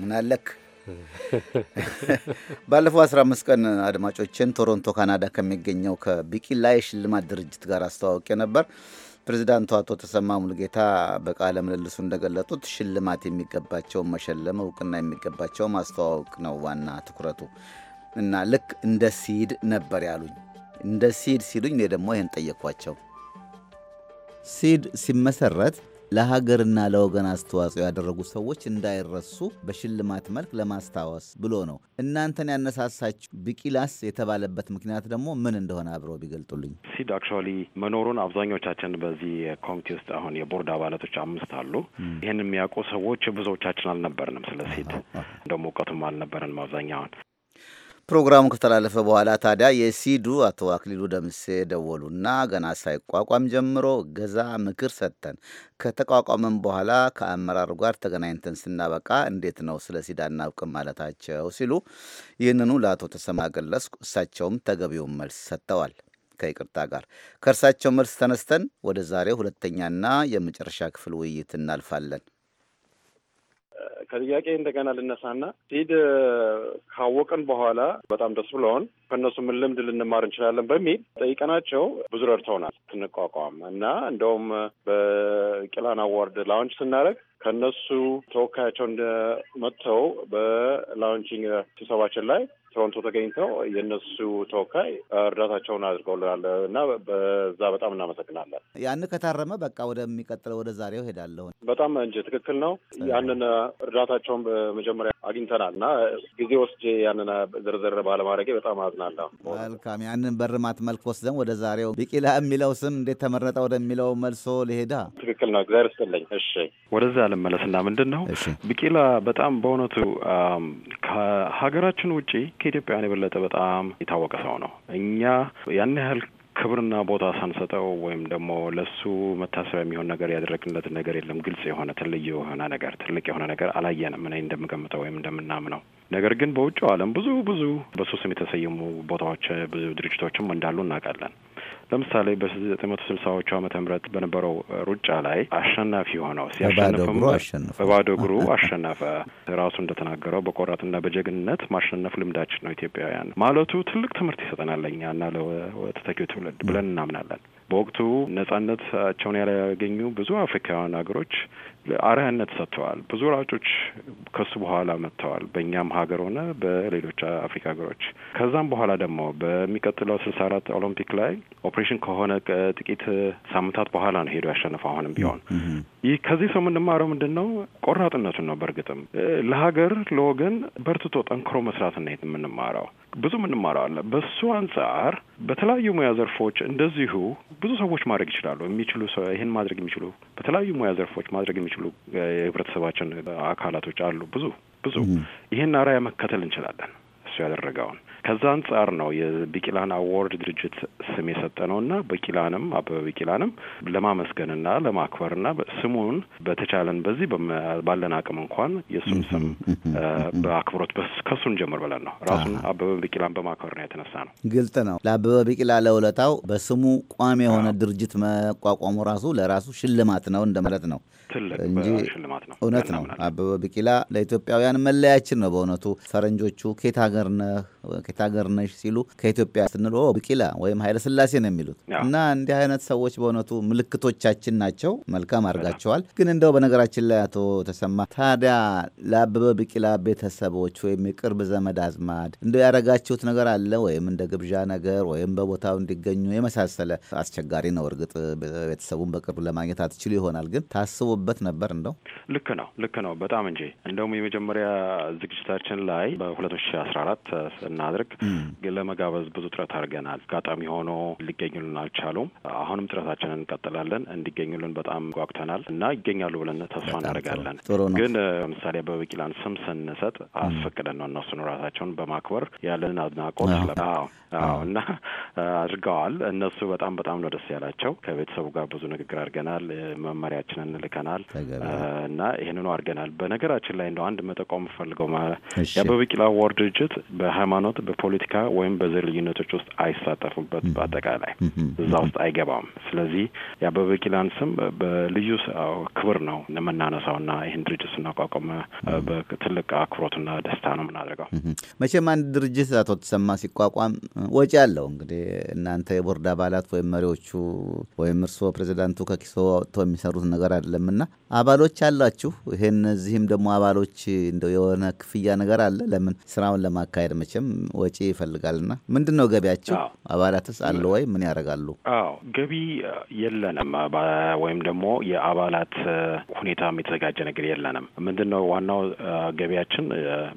ምናለክ ባለፈው 15 ቀን አድማጮችን ቶሮንቶ ካናዳ ከሚገኘው ከቢቂላ የሽልማት ድርጅት ጋር አስተዋውቄ ነበር። ፕሬዚዳንቱ አቶ ተሰማ ሙልጌታ በቃለ ምልልሱ እንደገለጡት ሽልማት የሚገባቸውን መሸለም፣ እውቅና የሚገባቸው ማስተዋወቅ ነው ዋና ትኩረቱ እና ልክ እንደ ሲድ ነበር ያሉኝ። እንደ ሲድ ሲሉኝ እኔ ደግሞ ይህን ጠየቅኳቸው። ሲድ ሲመሰረት ለሀገርና ለወገን አስተዋጽኦ ያደረጉ ሰዎች እንዳይረሱ በሽልማት መልክ ለማስታወስ ብሎ ነው። እናንተን ያነሳሳችሁ ቢቂላስ የተባለበት ምክንያት ደግሞ ምን እንደሆነ አብሮ ቢገልጡልኝ። ሲድ አክቹዋሊ መኖሩን አብዛኞቻችን በዚህ ኮሚቴ ውስጥ አሁን የቦርድ አባላቶች አምስት አሉ። ይህን የሚያውቁ ሰዎች ብዙዎቻችን አልነበርንም። ስለ ሲድ እንደውም እውቀቱም አልነበረንም አብዛኛውን ፕሮግራሙ ከተላለፈ በኋላ ታዲያ የሲዱ አቶ አክሊሉ ደምሴ ደወሉና ገና ሳይቋቋም ጀምሮ ገዛ ምክር ሰጥተን ከተቋቋመም በኋላ ከአመራሩ ጋር ተገናኝተን ስናበቃ እንዴት ነው ስለ ሲድ አናውቅም ማለታቸው ሲሉ ይህንኑ ለአቶ ተሰማ ገለጽኩ። እሳቸውም ተገቢውን መልስ ሰጥተዋል። ከይቅርታ ጋር ከእርሳቸው መልስ ተነስተን ወደ ዛሬ ሁለተኛና የመጨረሻ ክፍል ውይይት እናልፋለን። ከጥያቄ እንደገና ልነሳና ሲድ ካወቅን በኋላ በጣም ደስ ብለሆን ከእነሱ ምን ልምድ ልንማር እንችላለን በሚል ጠይቀናቸው ብዙ ረድተውናል ስንቋቋም እና እንደውም በቂላን አዋርድ ላውንች ስናደርግ ከእነሱ ተወካያቸው እንደመጥተው በላውንቺንግ ስብሰባችን ላይ ቶሮንቶ ተገኝተው የእነሱ ተወካይ እርዳታቸውን አድርገውልናል እና በዛ በጣም እናመሰግናለን። ያን ከታረመ በቃ ወደሚቀጥለው ወደ ዛሬው ሄዳለሁ። በጣም እንጂ ትክክል ነው። ያንን እርዳታቸውን በመጀመሪያ አግኝተናል እና ጊዜ ወስጄ ያንን ዝርዝር ባለማድረጌ በጣም አዝናለሁ። መልካም ያንን በርማት መልክ ወስደን ወደ ዛሬው ቢቂላ የሚለው ስም እንዴት ተመረጠ ወደሚለው መልሶ ሊሄዳ ትክክል ነው። እግዚአብሔር ይስጥልኝ። እሺ ወደዛ ልመለስና ምንድን ነው ቢቂላ በጣም በእውነቱ ከሀገራችን ውጭ ከኢትዮጵያውያን የበለጠ በጣም የታወቀ ሰው ነው። እኛ ያን ያህል ክብርና ቦታ ሳንሰጠው ወይም ደግሞ ለሱ መታሰቢያ የሚሆን ነገር ያደረግንለት ነገር የለም። ግልጽ የሆነ ትልቅ የሆነ ነገር ትልቅ የሆነ ነገር አላየንም። እኔ እንደምገምተው ወይም እንደምናምነው ነገር ግን በውጭው ዓለም ብዙ ብዙ በሱ ስም የተሰየሙ ቦታዎች፣ ብዙ ድርጅቶችም እንዳሉ እናውቃለን። ለምሳሌ ዘጠኝ መቶ ስልሳዎቹ ዓመተ ምህረት በነበረው ሩጫ ላይ አሸናፊ ሆነው ሲያሸንፍም በባዶ እግሩ አሸነፈ። ራሱ እንደተናገረው በቆራጥና በጀግንነት ማሸነፍ ልምዳችን ነው ኢትዮጵያውያን ማለቱ ትልቅ ትምህርት ይሰጠናል ለእኛ እና ለተተኪው ትውልድ ብለን እናምናለን። በወቅቱ ነጻነታቸውን ያላገኙ ብዙ አፍሪካውያን ሀገሮች አርአያነት ሰጥተዋል። ብዙ ሯጮች ከሱ በኋላ መጥተዋል፣ በእኛም ሀገር ሆነ በሌሎች አፍሪካ ሀገሮች። ከዛም በኋላ ደግሞ በሚቀጥለው ስልሳ አራት ኦሎምፒክ ላይ ኦፕሬሽን ከሆነ ጥቂት ሳምንታት በኋላ ነው ሄዶ ያሸነፈው። አሁንም ቢሆን ይህ ከዚህ ሰው የምንማረው ምንድን ነው? ቆራጥነቱን ነው። በእርግጥም ለሀገር ለወገን በርትቶ ጠንክሮ መስራት ነው የምንማረው። ብዙ እንማረዋለን። በሱ አንጻር በተለያዩ ሙያ ዘርፎች እንደዚሁ ብዙ ሰዎች ማድረግ ይችላሉ። የሚችሉ ይህን ማድረግ የሚችሉ በተለያዩ ሙያ ዘርፎች ማድረግ የሚችሉ የህብረተሰባችን አካላቶች አሉ። ብዙ ብዙ ይህን አርአያ መከተል እንችላለን እሱ ያደረገውን ከዛ አንጻር ነው የቢቂላን አዋርድ ድርጅት ስም የሰጠ ነው እና ቢቂላንም አበበ ቢቂላንም ለማመስገንና ለማክበርና ስሙን በተቻለን በዚህ ባለን አቅም እንኳን የእሱን ስም በአክብሮት ከሱን ጀምር ብለን ነው ራሱን አበበ ቢቂላን በማክበር ነው የተነሳ ነው። ግልጥ ነው። ለአበበ ቢቂላ ለውለታው በስሙ ቋሚ የሆነ ድርጅት መቋቋሙ ራሱ ለራሱ ሽልማት ነው እንደማለት ነው። ትልቅ ሽልማት ነው። እውነት ነው። አበበ ቢቂላ ለኢትዮጵያውያን መለያችን ነው። በእውነቱ ፈረንጆቹ ኬት ሀገር ነህ ከየት ሀገር ነሽ ሲሉ ከኢትዮጵያ ስንል ብቂላ ወይም ስላሴ ነው የሚሉት እና እንዲህ አይነት ሰዎች በእውነቱ ምልክቶቻችን ናቸው። መልካም አድርጋቸዋል። ግን እንደው በነገራችን ላይ አቶ ተሰማ ታዲያ ለአበበ ቢቂላ ቤተሰቦች ወይም የቅርብ ዘመድ አዝማድ እንደው ያደረጋችሁት ነገር አለ ወይም እንደ ግብዣ ነገር ወይም በቦታው እንዲገኙ የመሳሰለ አስቸጋሪ ነው። እርግጥ ቤተሰቡን በቅርብ ለማግኘት አትችሉ ይሆናል። ግን ታስቡበት ነበር እንደው ልክ ነው ልክ ነው በጣም እንጂ እንደውም የመጀመሪያ ዝግጅታችን ላይ በ2014 ስናደርግ ለመጋበዝ ብዙ ጥረት አድርገናል። አጋጣሚ ሆኖ ሊገኙልን አልቻሉም። አሁንም ጥረታችንን እንቀጥላለን። እንዲገኙልን በጣም ጓጉተናል እና ይገኛሉ ብለን ተስፋ እናደርጋለን። ግን ለምሳሌ በበቂላን ስም ስንሰጥ አስፈቅደን ነው እነሱን ራሳቸውን በማክበር ያለንን አድናቆት እና አድርገዋል። እነሱ በጣም በጣም ነው ደስ ያላቸው። ከቤተሰቡ ጋር ብዙ ንግግር አድርገናል። መመሪያችንን እንልከናል እና ይህንኑ አድርገናል። በነገራችን ላይ እንደ አንድ መጠቆም ፈልገው በበቂላ ወር ድርጅት በሃይማኖት ሃይማኖት በፖለቲካ ወይም በዘር ልዩነቶች ውስጥ አይሳተፉበት በአጠቃላይ እዛ ውስጥ አይገባም። ስለዚህ የአበበ ቢቂላን ስም በልዩ ክብር ነው የምናነሳው ና ይህን ድርጅት ስናቋቋመ በትልቅ አክብሮትና ደስታ ነው የምናደርገው። መቼም አንድ ድርጅት አቶ ተሰማ ሲቋቋም ወጪ አለው። እንግዲህ እናንተ የቦርድ አባላት ወይም መሪዎቹ ወይም እርስዎ ፕሬዚዳንቱ ከኪሶ አውጥተው የሚሰሩት ነገር አይደለም ና አባሎች አላችሁ። ይህን እዚህም ደግሞ አባሎች እንደው የሆነ ክፍያ ነገር አለ። ለምን ስራውን ለማካሄድ መቼም አይደለም ወጪ ይፈልጋልና ምንድን ነው ገቢያቸው? አባላትስ አለ ወይ? ምን ያደርጋሉ? አዎ ገቢ የለንም፣ ወይም ደግሞ የአባላት ሁኔታ የተዘጋጀ ነገር የለንም። ምንድን ነው ዋናው ገቢያችን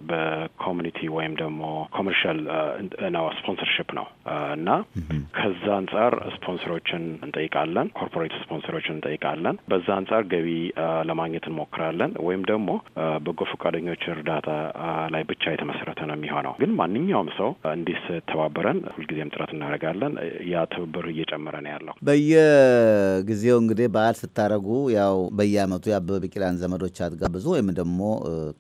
በኮሚኒቲ ወይም ደግሞ ኮመርሻል ነው ስፖንሰርሽፕ ነው እና ከዛ አንጻር ስፖንሰሮችን እንጠይቃለን፣ ኮርፖሬት ስፖንሰሮችን እንጠይቃለን። በዛ አንጻር ገቢ ለማግኘት እንሞክራለን። ወይም ደግሞ በጎ ፈቃደኞች እርዳታ ላይ ብቻ የተመሰረተ ነው የሚሆነው። ግን ማንኛውም ማንኛውም ሰው እንዲተባበረን ሁልጊዜም ጥረት እናደርጋለን። ያ ትብብር እየጨመረ ነው ያለው። በየጊዜው እንግዲህ በዓል ስታደርጉ ያው በየአመቱ የአበበ ቢቂላን ዘመዶች አትጋብዙ ወይም ደግሞ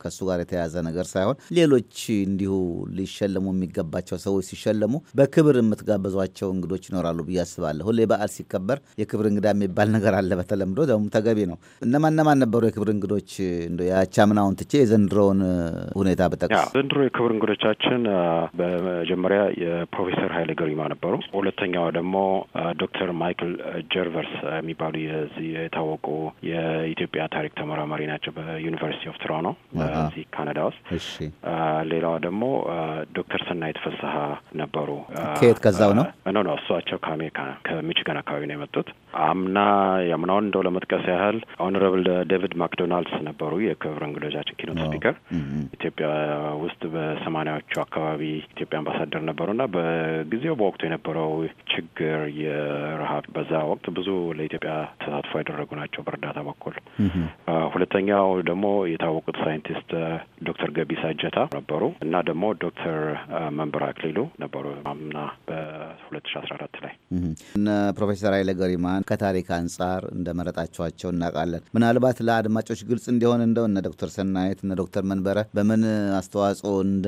ከእሱ ጋር የተያዘ ነገር ሳይሆን ሌሎች እንዲሁ ሊሸለሙ የሚገባቸው ሰዎች ሲሸለሙ በክብር የምትጋበዟቸው እንግዶች ይኖራሉ ብዬ አስባለሁ። ሁሌ በዓል ሲከበር የክብር እንግዳ የሚባል ነገር አለ። በተለምዶ ደግሞ ተገቢ ነው። እነማን እነማን ነበሩ የክብር እንግዶች? እንደው የአቻምናውን ትቼ የዘንድሮውን ሁኔታ ብጠቅስ። ዘንድሮ የክብር እንግዶቻችን በመጀመሪያ የፕሮፌሰር ሀይሌ ገሪማ ነበሩ። ሁለተኛዋ ደግሞ ዶክተር ማይክል ጀርቨርስ የሚባሉ የዚህ የታወቁ የኢትዮጵያ ታሪክ ተመራማሪ ናቸው በዩኒቨርሲቲ ኦፍ ትሮኖ እዚህ ካናዳ ውስጥ። ሌላዋ ደግሞ ዶክተር ሰናይት ፍስሀ ነበሩ። ከየት ከዛው ነው ኖ ነው እሷቸው ከአሜሪካ ከሚችገን አካባቢ ነው የመጡት። አምና የምናውን እንደው ለመጥቀስ ያህል ኦኖረብል ዴቪድ ማክዶናልድስ ነበሩ የክብር እንግዶቻችን ኪኖት ስፒከር ኢትዮጵያ ውስጥ በሰማኒያዎቹ አካባቢ አካባቢ ኢትዮጵያ አምባሳደር ነበሩና በጊዜው በወቅቱ የነበረው ችግር የረሀብ በዛ ወቅት ብዙ ለኢትዮጵያ ተሳትፎ ያደረጉ ናቸው በእርዳታ በኩል። ሁለተኛው ደግሞ የታወቁት ሳይንቲስት ዶክተር ገቢሳ እጀታ ነበሩ እና ደግሞ ዶክተር መንበር አክሊሉ ነበሩ አምና በሁለት ሺ አስራ አራት ላይ እነ ፕሮፌሰር ኃይለ ገሪማን ከታሪክ አንጻር እንደ መረጣቸዋቸው እናውቃለን። ምናልባት ለአድማጮች ግልጽ እንዲሆን እንደው እነ ዶክተር ሰናየት እነ ዶክተር መንበረ በምን አስተዋጽኦ እንደ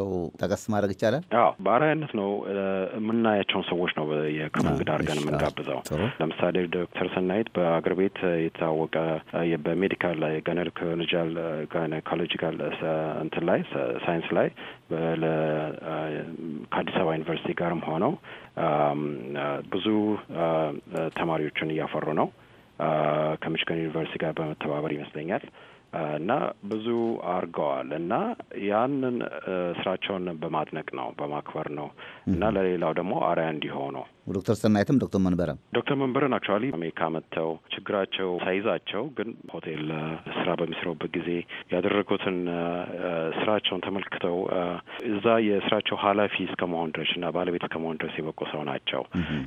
እንዳላቸው ጠቀስ ማድረግ ይቻላል። አዎ በአርአያነት ነው የምናያቸውን ሰዎች ነው የክብር እንግዳ አድርገን የምንጋብዘው። ለምሳሌ ዶክተር ስናይት በአገር ቤት የታወቀ በሜዲካል ላይ ጋይናኮሎጂካል ጋይኔኮሎጂካል እንትን ላይ ሳይንስ ላይ ከአዲስ አበባ ዩኒቨርሲቲ ጋርም ሆነው ብዙ ተማሪዎችን እያፈሩ ነው። ከሚችገን ዩኒቨርሲቲ ጋር በመተባበር ይመስለኛል እና ብዙ አድርገዋል እና ያንን ስራቸውን በማድነቅ ነው በማክበር ነው እና ለሌላው ደግሞ አርያ እንዲሆኑ ዶክተር ሰናይትም ዶክተር መንበረም ዶክተር መንበረን አክቹዋሊ አሜሪካ መጥተው ችግራቸው ሳይዛቸው ግን ሆቴል ስራ በሚሰሩበት ጊዜ ያደረጉትን ስራቸውን ተመልክተው እዛ የስራቸው ኃላፊ እስከመሆን ድረስ እና ባለቤት እስከመሆን ድረስ የበቁ ሰው ናቸው።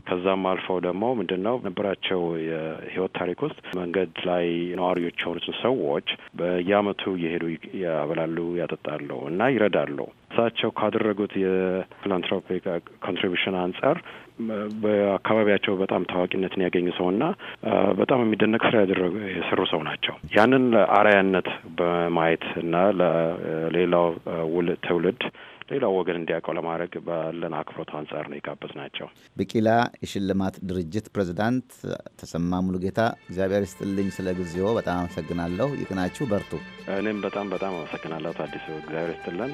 ከዛም አልፈው ደግሞ ምንድን ነው ነበራቸው የህይወት ታሪክ ውስጥ መንገድ ላይ ነዋሪዎች የሆኑትን ሰዎች በየአመቱ እየሄዱ ያበላሉ፣ ያጠጣሉ እና ይረዳሉ። እሳቸው ካደረጉት የፊላንትሮፒክ ኮንትሪቢሽን አንጻር በአካባቢያቸው በጣም ታዋቂነትን ያገኙ ሰውና በጣም የሚደነቅ ስራ ያደረጉ የሰሩ ሰው ናቸው። ያንን ለአርአያነት በማየት እና ለሌላው ውል ትውልድ ሌላው ወገን እንዲያውቀው ለማድረግ ባለን አክብሮት አንጻር ነው የጋበዝ ናቸው። ብቂላ የሽልማት ድርጅት ፕሬዚዳንት ተሰማ ሙሉጌታ፣ እግዚአብሔር ይስጥልኝ ስለ ጊዜዎ በጣም አመሰግናለሁ። ይቅናችሁ፣ በርቱ። እኔም በጣም በጣም አመሰግናለሁ ታዲሱ፣ እግዚአብሔር ይስጥልን።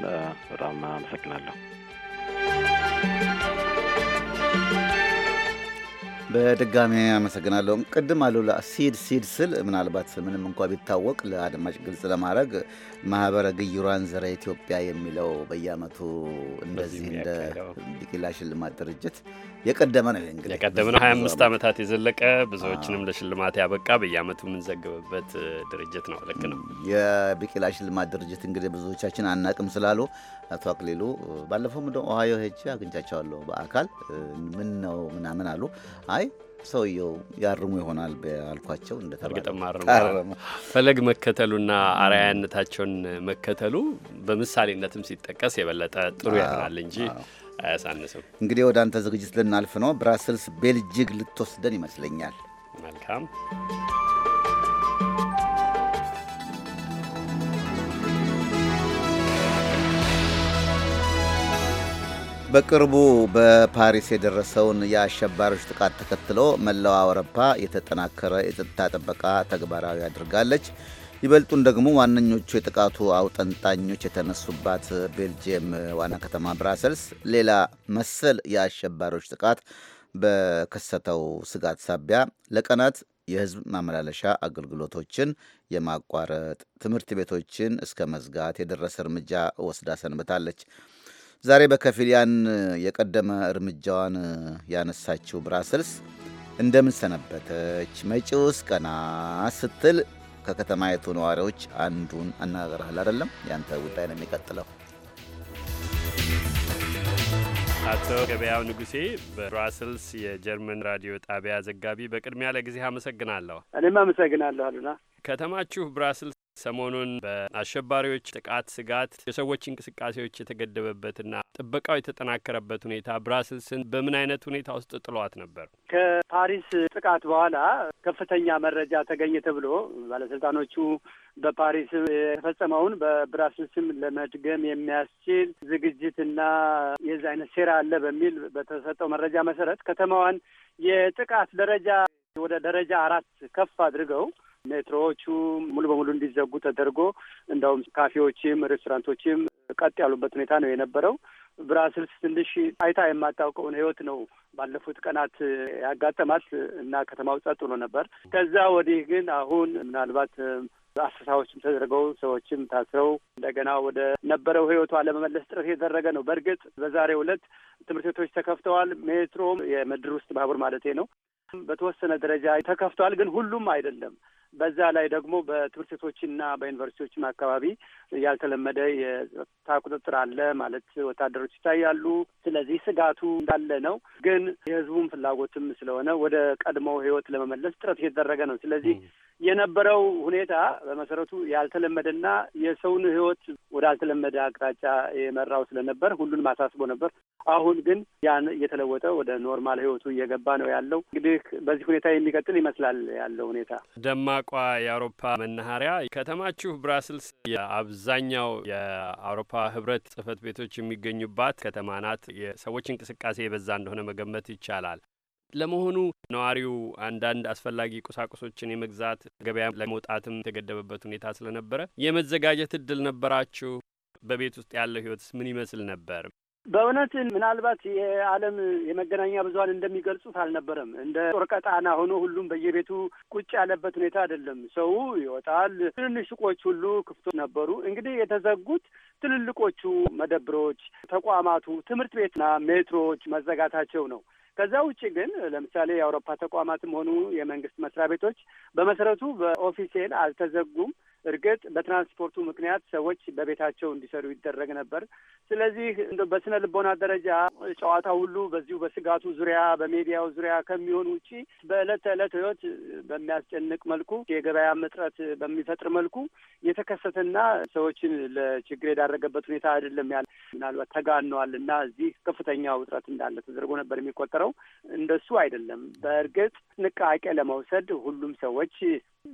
በጣም አመሰግናለሁ። በድጋሚ አመሰግናለሁ። ቅድም አሉላ ሲድ ሲድ ስል ምናልባት ምንም እንኳ ቢታወቅ ለአድማጭ ግልጽ ለማድረግ ማህበረ ግይሯን ዘረ ኢትዮጵያ የሚለው በየዓመቱ እንደዚህ እንደ ቢቂላ ሽልማት ድርጅት የቀደመ ነው። እንግዲህ የቀደመ ነው። 25 ዓመታት የዘለቀ ብዙዎችንም ለሽልማት ያበቃ በየአመቱ የምንዘግብበት ድርጅት ነው። ልክ ነው። የቢቂላ ሽልማት ድርጅት እንግዲህ ብዙዎቻችን አናቅም ስላሉ አቶ አክሊሉ ባለፈው ወደ ኦሃዮ ሄጄ አግኝቻቸዋለሁ በአካል ምን ነው ምናምን አሉ። አይ ሰውየው ያርሙ ይሆናል ያልኳቸው እንደተባለ ፈለግ መከተሉና አርአያነታቸውን መከተሉ በምሳሌነትም ሲጠቀስ የበለጠ ጥሩ ይሆናል እንጂ አያሳንስም። እንግዲህ ወደ አንተ ዝግጅት ልናልፍ ነው። ብራስልስ ቤልጅግ ልትወስደን ይመስለኛል። መልካም በቅርቡ በፓሪስ የደረሰውን የአሸባሪዎች ጥቃት ተከትሎ መላው አውሮፓ የተጠናከረ የጸጥታ ጥበቃ ተግባራዊ አድርጋለች። ይበልጡን ደግሞ ዋነኞቹ የጥቃቱ አውጠንጣኞች የተነሱባት ቤልጅየም ዋና ከተማ ብራሰልስ ሌላ መሰል የአሸባሪዎች ጥቃት በከሰተው ስጋት ሳቢያ ለቀናት የህዝብ ማመላለሻ አገልግሎቶችን የማቋረጥ ትምህርት ቤቶችን እስከ መዝጋት የደረሰ እርምጃ ወስዳ ሰንብታለች። ዛሬ በከፊል ያን የቀደመ እርምጃዋን ያነሳችው ብራሰልስ እንደምን ሰነበተች፣ መጪውስ ቀና ስትል ከከተማይቱ ነዋሪዎች አንዱን አነጋግረሃል አይደለም? ያንተ ጉዳይ ነው የሚቀጥለው። አቶ ገበያው ንጉሴ በብራስልስ የጀርመን ራዲዮ ጣቢያ ዘጋቢ፣ በቅድሚያ ለጊዜ አመሰግናለሁ። እኔም አመሰግናለሁ አሉና ከተማችሁ ብራስልስ ሰሞኑን በአሸባሪዎች ጥቃት ስጋት የሰዎች እንቅስቃሴዎች የተገደበበትና ጥበቃው የተጠናከረበት ሁኔታ ብራስልስን በምን አይነት ሁኔታ ውስጥ ጥሏት ነበር? ከፓሪስ ጥቃት በኋላ ከፍተኛ መረጃ ተገኘ ተብሎ ባለስልጣኖቹ በፓሪስ የተፈጸመውን በብራስልስም ለመድገም የሚያስችል ዝግጅትና የዚ አይነት ሴራ አለ በሚል በተሰጠው መረጃ መሰረት ከተማዋን የጥቃት ደረጃ ወደ ደረጃ አራት ከፍ አድርገው ሜትሮዎቹ ሙሉ በሙሉ እንዲዘጉ ተደርጎ እንዳውም ካፌዎችም ሬስቶራንቶችም ቀጥ ያሉበት ሁኔታ ነው የነበረው። ብራስልስ ትንሽ አይታ የማታውቀውን ህይወት ነው ባለፉት ቀናት ያጋጠማት እና ከተማው ጸጥ ብሎ ነበር። ከዛ ወዲህ ግን አሁን ምናልባት አሰሳዎችም ተደርገው ሰዎችም ታስረው እንደገና ወደ ነበረው ህይወቷ ለመመለስ ጥረት የተደረገ ነው። በእርግጥ በዛሬው ዕለት ትምህርት ቤቶች ተከፍተዋል። ሜትሮም የምድር ውስጥ ባቡር ማለቴ ነው በተወሰነ ደረጃ ተከፍተዋል፣ ግን ሁሉም አይደለም። በዛ ላይ ደግሞ በትምህርት ቤቶችና በዩኒቨርሲቲዎችም አካባቢ ያልተለመደ የጸጥታ ቁጥጥር አለ ማለት ወታደሮች ይታያሉ። ስለዚህ ስጋቱ እንዳለ ነው። ግን የህዝቡን ፍላጎትም ስለሆነ ወደ ቀድሞ ህይወት ለመመለስ ጥረት እየተደረገ ነው። ስለዚህ የነበረው ሁኔታ በመሰረቱ ያልተለመደና የሰውን ህይወት ወደ አልተለመደ አቅጣጫ የመራው ስለነበር ሁሉንም አሳስቦ ነበር። አሁን ግን ያን እየተለወጠ ወደ ኖርማል ህይወቱ እየገባ ነው ያለው። እንግዲህ በዚህ ሁኔታ የሚቀጥል ይመስላል ያለው ሁኔታ። ደማቋ የአውሮፓ መናኸሪያ ከተማችሁ ብራስልስ የአብዛኛው የአውሮፓ ህብረት ጽህፈት ቤቶች የሚገኙባት ከተማ ናት። የሰዎች እንቅስቃሴ የበዛ እንደሆነ መገመት ይቻላል። ለመሆኑ ነዋሪው አንዳንድ አስፈላጊ ቁሳቁሶችን የመግዛት ገበያ ለመውጣትም የተገደበበት ሁኔታ ስለነበረ የመዘጋጀት እድል ነበራችሁ? በቤት ውስጥ ያለው ህይወትስ ምን ይመስል ነበር? በእውነት ምናልባት የዓለም የመገናኛ ብዙኃን እንደሚገልጹት አልነበረም። እንደ ጦር ቀጣና ሆኖ ሁሉም በየቤቱ ቁጭ ያለበት ሁኔታ አይደለም። ሰው ይወጣል። ትንንሽ ሱቆች ሁሉ ክፍቶ ነበሩ። እንግዲህ የተዘጉት ትልልቆቹ መደብሮች፣ ተቋማቱ፣ ትምህርት ቤትና ሜትሮዎች መዘጋታቸው ነው። ከዛ ውጭ ግን ለምሳሌ የአውሮፓ ተቋማትም ሆኑ የመንግስት መስሪያ ቤቶች በመሰረቱ በኦፊሴል አልተዘጉም። እርግጥ በትራንስፖርቱ ምክንያት ሰዎች በቤታቸው እንዲሰሩ ይደረግ ነበር። ስለዚህ በስነ ልቦና ደረጃ ጨዋታ ሁሉ በዚሁ በስጋቱ ዙሪያ በሜዲያው ዙሪያ ከሚሆን ውጪ በዕለት ተዕለት ሕይወት በሚያስጨንቅ መልኩ የገበያ እጥረት በሚፈጥር መልኩ የተከሰተና ሰዎችን ለችግር የዳረገበት ሁኔታ አይደለም ያለ ምናልባት ተጋነዋል እና እዚህ ከፍተኛ ውጥረት እንዳለ ተደርጎ ነበር የሚቆጠረው። እንደሱ አይደለም። በእርግጥ ጥንቃቄ ለመውሰድ ሁሉም ሰዎች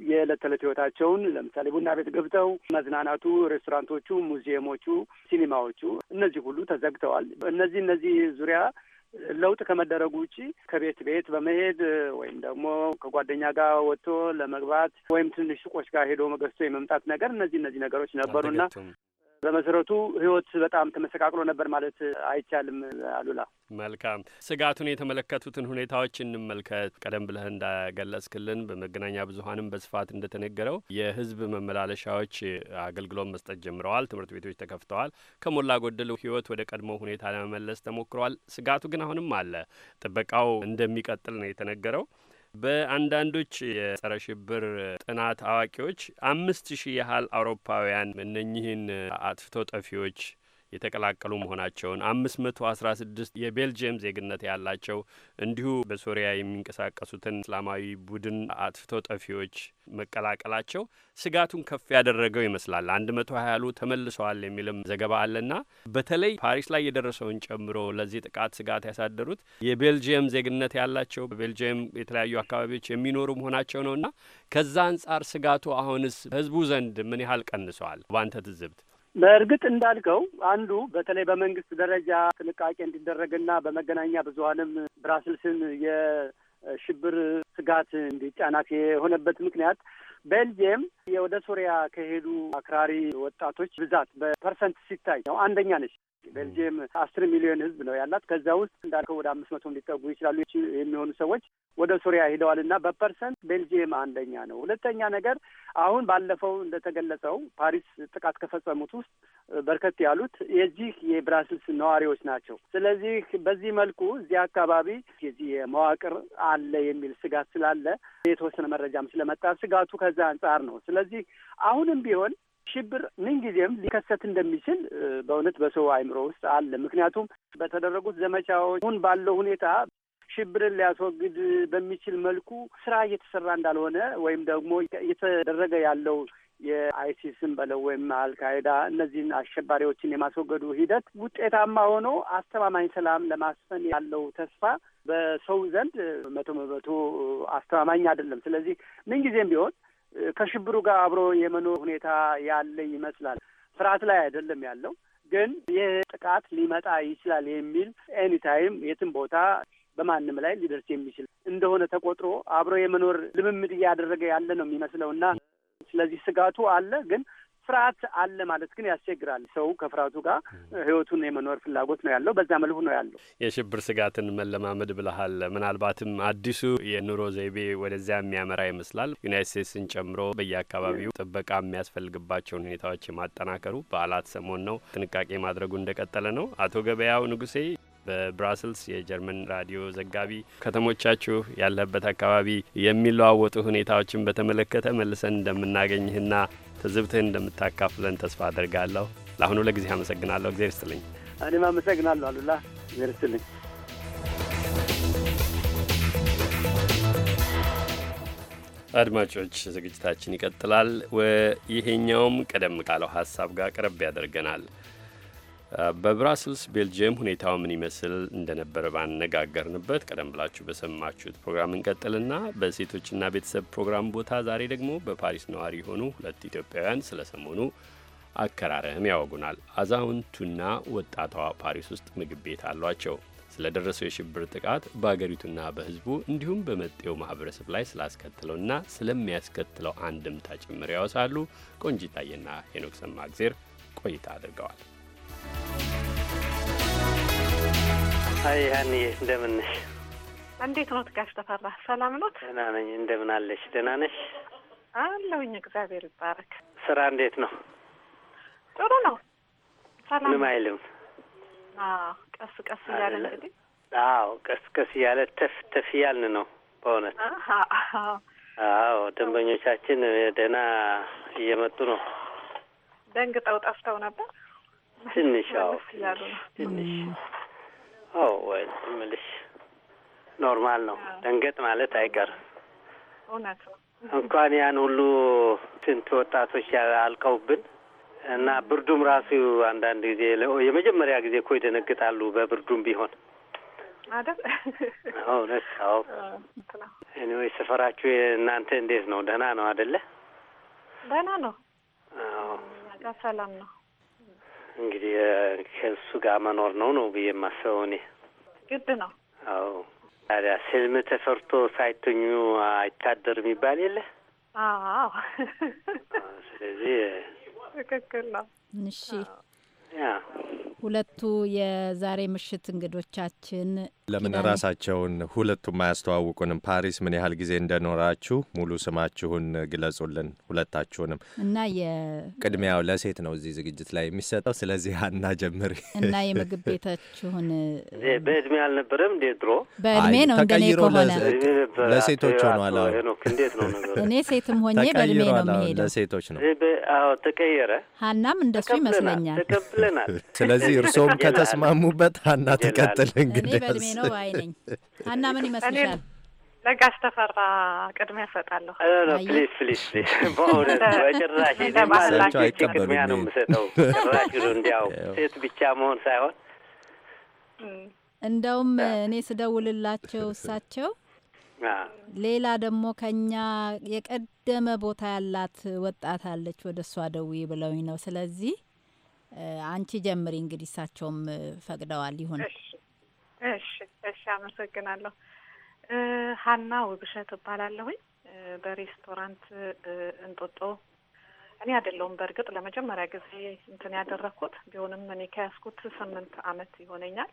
የዕለት ተዕለት ህይወታቸውን ለምሳሌ ቡና ቤት ገብተው መዝናናቱ፣ ሬስቶራንቶቹ፣ ሙዚየሞቹ፣ ሲኒማዎቹ እነዚህ ሁሉ ተዘግተዋል። እነዚህ እነዚህ ዙሪያ ለውጥ ከመደረጉ ውጪ ከቤት ቤት በመሄድ ወይም ደግሞ ከጓደኛ ጋር ወጥቶ ለመግባት ወይም ትንሽ ሱቆች ጋር ሄዶ ገዝቶ የመምጣት ነገር እነዚህ እነዚህ ነገሮች ነበሩና በመሰረቱ ህይወት በጣም ተመሰቃቅሎ ነበር ማለት አይቻልም። አሉላ መልካም። ስጋቱን የተመለከቱትን ሁኔታዎች እንመልከት። ቀደም ብለህ እንዳገለጽክልን በመገናኛ ብዙኃንም በስፋት እንደተነገረው የህዝብ መመላለሻዎች አገልግሎት መስጠት ጀምረዋል። ትምህርት ቤቶች ተከፍተዋል። ከሞላ ጎደል ህይወት ወደ ቀድሞ ሁኔታ ለመመለስ ተሞክሯል። ስጋቱ ግን አሁንም አለ። ጥበቃው እንደሚቀጥል ነው የተነገረው። በአንዳንዶች የጸረ ሽብር ጥናት አዋቂዎች አምስት ሺህ ያህል አውሮፓውያን እነኚህን አጥፍቶ ጠፊዎች የተቀላቀሉ መሆናቸውን አምስት መቶ አስራ ስድስት የቤልጅየም ዜግነት ያላቸው እንዲሁ በሶሪያ የሚንቀሳቀሱትን እስላማዊ ቡድን አጥፍቶ ጠፊዎች መቀላቀላቸው ስጋቱን ከፍ ያደረገው ይመስላል። አንድ መቶ ሀያሉ ተመልሰዋል የሚልም ዘገባ አለና በተለይ ፓሪስ ላይ የደረሰውን ጨምሮ ለዚህ ጥቃት ስጋት ያሳደሩት የቤልጅየም ዜግነት ያላቸው በቤልጅየም የተለያዩ አካባቢዎች የሚኖሩ መሆናቸው ነውና ከዛ አንጻር ስጋቱ አሁንስ ህዝቡ ዘንድ ምን ያህል ቀንሰዋል? ባንተ ትዝብት በእርግጥ እንዳልከው አንዱ በተለይ በመንግስት ደረጃ ጥንቃቄ እንዲደረግና በመገናኛ ብዙሀንም ብራስልስን የሽብር ስጋት እንዲጫናት የሆነበት ምክንያት ቤልጅየም ወደ ሱሪያ ከሄዱ አክራሪ ወጣቶች ብዛት በፐርሰንት ሲታይ ነው አንደኛ ነች። ቤልጅየም አስር ሚሊዮን ህዝብ ነው ያላት። ከዛ ውስጥ እንዳልከው ወደ አምስት መቶ ሊጠጉ ይችላሉ የሚሆኑ ሰዎች ወደ ሱሪያ ሂደዋል እና በፐርሰንት ቤልጅየም አንደኛ ነው። ሁለተኛ ነገር አሁን ባለፈው እንደተገለጸው ፓሪስ ጥቃት ከፈጸሙት ውስጥ በርከት ያሉት የዚህ የብራስልስ ነዋሪዎች ናቸው። ስለዚህ በዚህ መልኩ እዚህ አካባቢ የዚህ የመዋቅር አለ የሚል ስጋት ስላለ የተወሰነ መረጃም ስለመጣ ስጋቱ ከዛ አንጻር ነው። ስለዚህ አሁንም ቢሆን ሽብር ምንጊዜም ሊከሰት እንደሚችል በእውነት በሰው አይምሮ ውስጥ አለ። ምክንያቱም በተደረጉት ዘመቻዎች ሁን ባለው ሁኔታ ሽብርን ሊያስወግድ በሚችል መልኩ ስራ እየተሰራ እንዳልሆነ ወይም ደግሞ እየተደረገ ያለው የአይሲስን በለው ወይም አልካይዳ እነዚህን አሸባሪዎችን የማስወገዱ ሂደት ውጤታማ ሆኖ አስተማማኝ ሰላም ለማስፈን ያለው ተስፋ በሰው ዘንድ መቶ በመቶ አስተማማኝ አይደለም። ስለዚህ ምንጊዜም ቢሆን ከሽብሩ ጋር አብሮ የመኖር ሁኔታ ያለ ይመስላል። ፍርሃት ላይ አይደለም ያለው፣ ግን ይህ ጥቃት ሊመጣ ይችላል የሚል ኤኒታይም የትም ቦታ በማንም ላይ ሊደርስ የሚችል እንደሆነ ተቆጥሮ አብሮ የመኖር ልምምድ እያደረገ ያለ ነው የሚመስለው እና ስለዚህ ስጋቱ አለ ግን ፍርሃት አለ ማለት ግን ያስቸግራል። ሰው ከፍርሃቱ ጋር ህይወቱን የመኖር ፍላጎት ነው ያለው። በዛ መልኩ ነው ያለው። የሽብር ስጋትን መለማመድ ብልሃል። ምናልባትም አዲሱ የኑሮ ዘይቤ ወደዚያ የሚያመራ ይመስላል። ዩናይት ስቴትስን ጨምሮ በየአካባቢው ጥበቃ የሚያስፈልግባቸውን ሁኔታዎች የማጠናከሩ በዓላት ሰሞን ነው። ጥንቃቄ ማድረጉ እንደቀጠለ ነው። አቶ ገበያው ንጉሴ በብራስልስ የጀርመን ራዲዮ ዘጋቢ፣ ከተሞቻችሁ ያለበት አካባቢ የሚለዋወጡ ሁኔታዎችን በተመለከተ መልሰን እንደምናገኝህና ትዝብትህን እንደምታካፍለን ተስፋ አድርጋለሁ። ለአሁኑ ለጊዜ አመሰግናለሁ። እግዜር ስጥልኝ። እኔም አመሰግናለሁ አሉላ። እግዜር ስጥልኝ። አድማጮች ዝግጅታችን ይቀጥላል። ይሄኛውም ቀደም ካለው ሀሳብ ጋር ቅረብ ያደርገናል። በብራስልስ ቤልጅየም ሁኔታው ምን ይመስል እንደነበረ ባነጋገርንበት ቀደም ብላችሁ በሰማችሁት ፕሮግራም እንቀጥልና በሴቶችና ቤተሰብ ፕሮግራም ቦታ ዛሬ ደግሞ በፓሪስ ነዋሪ የሆኑ ሁለት ኢትዮጵያውያን ስለ ሰሞኑ አከራረህም ያወጉናል። አዛውንቱና ወጣቷ ፓሪስ ውስጥ ምግብ ቤት አሏቸው። ስለደረሰው የሽብር ጥቃት በአገሪቱና በሕዝቡ እንዲሁም በመጤው ማህበረሰብ ላይ ስላስከትለውና ስለሚያስከትለው አንድምታ ጭምር ያወሳሉ። ቆንጂታየና ሄኖክ ሰማእግዜር ቆይታ አድርገዋል። አይ ሀኒዬ እንደምን ነሽ? እንዴት ኖት ጋሽ ተፈራ ሰላም ኖት? ደህና ነኝ። እንደምን አለሽ? ደህና ነሽ? አለሁኝ እግዚአብሔር ይባረክ። ስራ እንዴት ነው? ጥሩ ነው። ሰላም ምንም አይልም። ቀስ ቀስ እያለ እንግዲህ አዎ፣ ቀስ ቀስ እያለ ተፍ ተፍ እያልን ነው በእውነት አዎ። ደንበኞቻችን ደህና እየመጡ ነው። ደንግጠው ጠፍተው ነበር ትንሽ። አዎ ትንሽ አዎ ኖርማል ነው ደንገጥ ማለት አይቀርም። እውነት እንኳን ያን ሁሉ ስንት ወጣቶች አልቀውብን እና ብርዱም ራሱ አንዳንድ ጊዜ የመጀመሪያ ጊዜ እኮ ይደነግጣሉ። በብርዱም ቢሆን አይደል? እኔ ሰፈራችሁ እናንተ እንዴት ነው? ደህና ነው አደለ? ደህና ነው። ሰላም ነው። እንግዲህ ከእሱ ጋር መኖር ነው ነው ብዬ የማስበው ግድ ነው። አዎ። ታዲያ ስልም ተፈርቶ ሳይተኙ አይታደርም ይባል የለ? አዎ። ስለዚህ ትክክል ነው። እሺ፣ ሁለቱ የዛሬ ምሽት እንግዶቻችን ለምን ራሳቸውን ሁለቱም አያስተዋውቁንም? ፓሪስ ምን ያህል ጊዜ እንደኖራችሁ ሙሉ ስማችሁን ግለጹልን ሁለታችሁንም። እና የቅድሚያው ለሴት ነው እዚህ ዝግጅት ላይ የሚሰጠው። ስለዚህ አና ጀምር እና የምግብ ቤታችሁን። በእድሜ አልነበረም እንዴ? ድሮ በእድሜ ነው እንደኔ ከሆነ ለሴቶች ሆኗል። እንዴት ነው ነገሩ? እኔ ሴትም ሆኜ በእድሜ ነው የሚሄደው። ለሴቶች ነው። ተቀየረ። ሀናም እንደሱ ይመስለኛል። ተቀብለናል። ስለዚህ እርስዎም ከተስማሙበት ሀና ትቀጥል እንግዲህ ነው ባይ ነኝ። ሀና ምን ይመስልሻል? ለጋሽ ተፈራ ቅድሚያ እሰጣለሁ። ፕሊዝ ፕሊዝ ፕሊዝ፣ በእውነት በጭራሽ ቅድሚያ ነው የምሰጠው። ጭራሽ እንዲያው ሴት ብቻ መሆን ሳይሆን እንደውም እኔ ስደውልላቸው እሳቸው ሌላ ደግሞ ከኛ የቀደመ ቦታ ያላት ወጣት አለች፣ ወደ እሷ ደውዪ ብለውኝ ነው። ስለዚህ አንቺ ጀምሪ እንግዲህ፣ እሳቸውም ፈቅደዋል። ይሁን እሺ እሺ፣ አመሰግናለሁ። ሀና ውብሸት እባላለሁኝ በሬስቶራንት እንጦጦ እኔ አይደለሁም በእርግጥ ለመጀመሪያ ጊዜ እንትን ያደረግኩት ቢሆንም እኔ ከያዝኩት ስምንት አመት ይሆነኛል።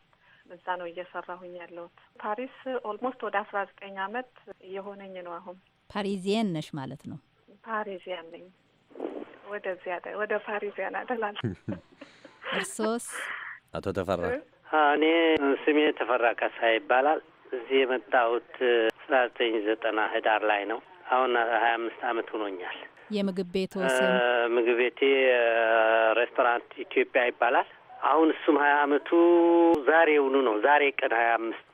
እዛ ነው እየሰራሁኝ ያለሁት። ፓሪስ ኦልሞስት ወደ አስራ ዘጠኝ አመት እየሆነኝ ነው አሁን። ፓሪዚየን ነሽ ማለት ነው? ፓሪዚያን ነኝ። ወደዚያ ወደ ፓሪዚያን አደላል። እርሶስ አቶ ተፈራ እኔ ስሜ ተፈራ ካሳ ይባላል። እዚህ የመጣሁት አስራ ዘጠኝ ዘጠና ህዳር ላይ ነው። አሁን ሀያ አምስት አመት ሆኖኛል። የምግብ ቤት ወስን ምግብ ቤቴ ሬስቶራንት ኢትዮጵያ ይባላል። አሁን እሱም ሀያ አመቱ ዛሬውኑ ነው። ዛሬ ቀን ሀያ አምስት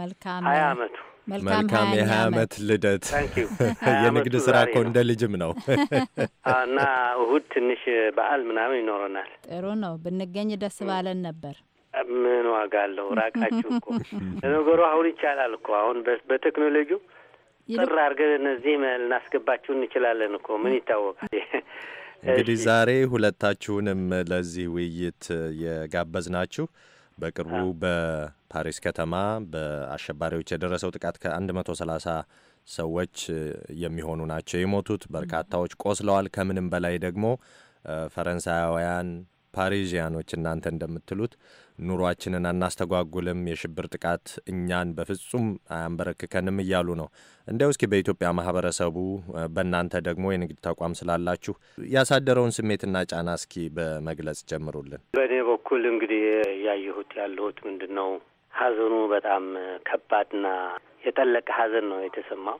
መልካም ሀያ አመቱ መልካም የሀያ አመት ልደት። የንግድ ስራ እኮ እንደ ልጅም ነው እና እሁድ ትንሽ በዓል ምናምን ይኖረናል። ጥሩ ነው ብንገኝ ደስ ባለን ነበር። ምን ዋጋ አለው? ራቃችሁ እኮ። ለነገሩ አሁን ይቻላል እኮ አሁን በቴክኖሎጂው ጥር አድርገን እነዚህ ልናስገባችሁ እንችላለን እኮ ምን ይታወቃል። እንግዲህ ዛሬ ሁለታችሁንም ለዚህ ውይይት የጋበዝ ናችሁ በቅርቡ በፓሪስ ከተማ በአሸባሪዎች የደረሰው ጥቃት ከአንድ መቶ ሰላሳ ሰዎች የሚሆኑ ናቸው የሞቱት፣ በርካታዎች ቆስለዋል። ከምንም በላይ ደግሞ ፈረንሳያውያን ፓሪዥያኖች እናንተ እንደምትሉት ኑሯችንን አናስተጓጉልም፣ የሽብር ጥቃት እኛን በፍጹም አያንበረክከንም እያሉ ነው። እንዲያው እስኪ በኢትዮጵያ ማህበረሰቡ፣ በእናንተ ደግሞ የንግድ ተቋም ስላላችሁ ያሳደረውን ስሜትና ጫና እስኪ በመግለጽ ጀምሩልን። በእኔ በኩል እንግዲህ ያየሁት ያለሁት ምንድን ነው ሀዘኑ በጣም ከባድና የጠለቀ ሀዘን ነው የተሰማው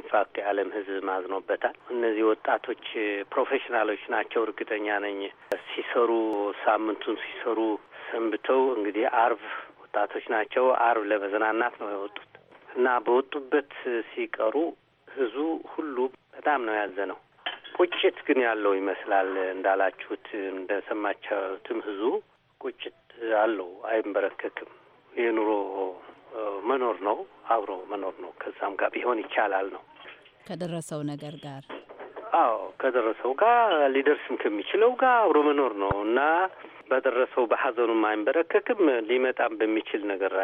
ኢንፋክት የዓለም ሕዝብ ማዝኖበታል። እነዚህ ወጣቶች ፕሮፌሽናሎች ናቸው እርግጠኛ ነኝ። ሲሰሩ ሳምንቱን ሲሰሩ ሰንብተው እንግዲህ አርብ ወጣቶች ናቸው አርብ ለመዝናናት ነው የወጡት እና በወጡበት ሲቀሩ ህዙ ሁሉ በጣም ነው ያዘነው። ቁጭት ግን ያለው ይመስላል እንዳላችሁት እንደሰማችሁትም ህዙ ቁጭት አለው፣ አይንበረከክም። የኑሮ መኖር ነው አብሮ መኖር ነው። ከዛም ጋር ቢሆን ይቻላል ነው ከደረሰው ነገር ጋር አዎ ከደረሰው ጋር ሊደርስም ከሚችለው ጋር አብሮ መኖር ነው እና በደረሰው በሀዘኑም አይንበረከክም። ሊመጣም በሚችል ነገር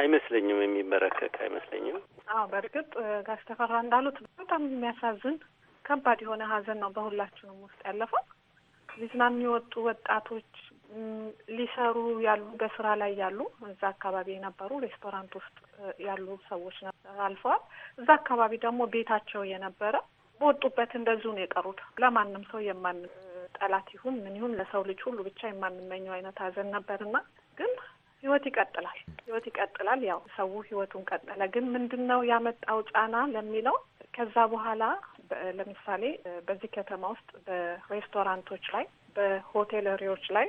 አይመስለኝም፣ የሚመረከክ አይመስለኝም። አዎ በእርግጥ ጋሽ ተፈራ እንዳሉት በጣም የሚያሳዝን ከባድ የሆነ ሀዘን ነው በሁላችንም ውስጥ ያለፈው። ሊዝናኑ የወጡ ወጣቶች ሊሰሩ ያሉ በስራ ላይ ያሉ እዛ አካባቢ የነበሩ ሬስቶራንት ውስጥ ያሉ ሰዎች አልፈዋል። እዛ አካባቢ ደግሞ ቤታቸው የነበረ በወጡበት እንደዚሁ ነው የቀሩት። ለማንም ሰው የማን ጠላት ይሁን ምን ይሁን ለሰው ልጅ ሁሉ ብቻ የማንመኘው አይነት ሀዘን ነበርና ግን ህይወት ይቀጥላል። ህይወት ይቀጥላል። ያው ሰው ህይወቱን ቀጠለ። ግን ምንድን ነው ያመጣው ጫና ለሚለው ከዛ በኋላ ለምሳሌ በዚህ ከተማ ውስጥ በሬስቶራንቶች ላይ በሆቴለሪዎች ላይ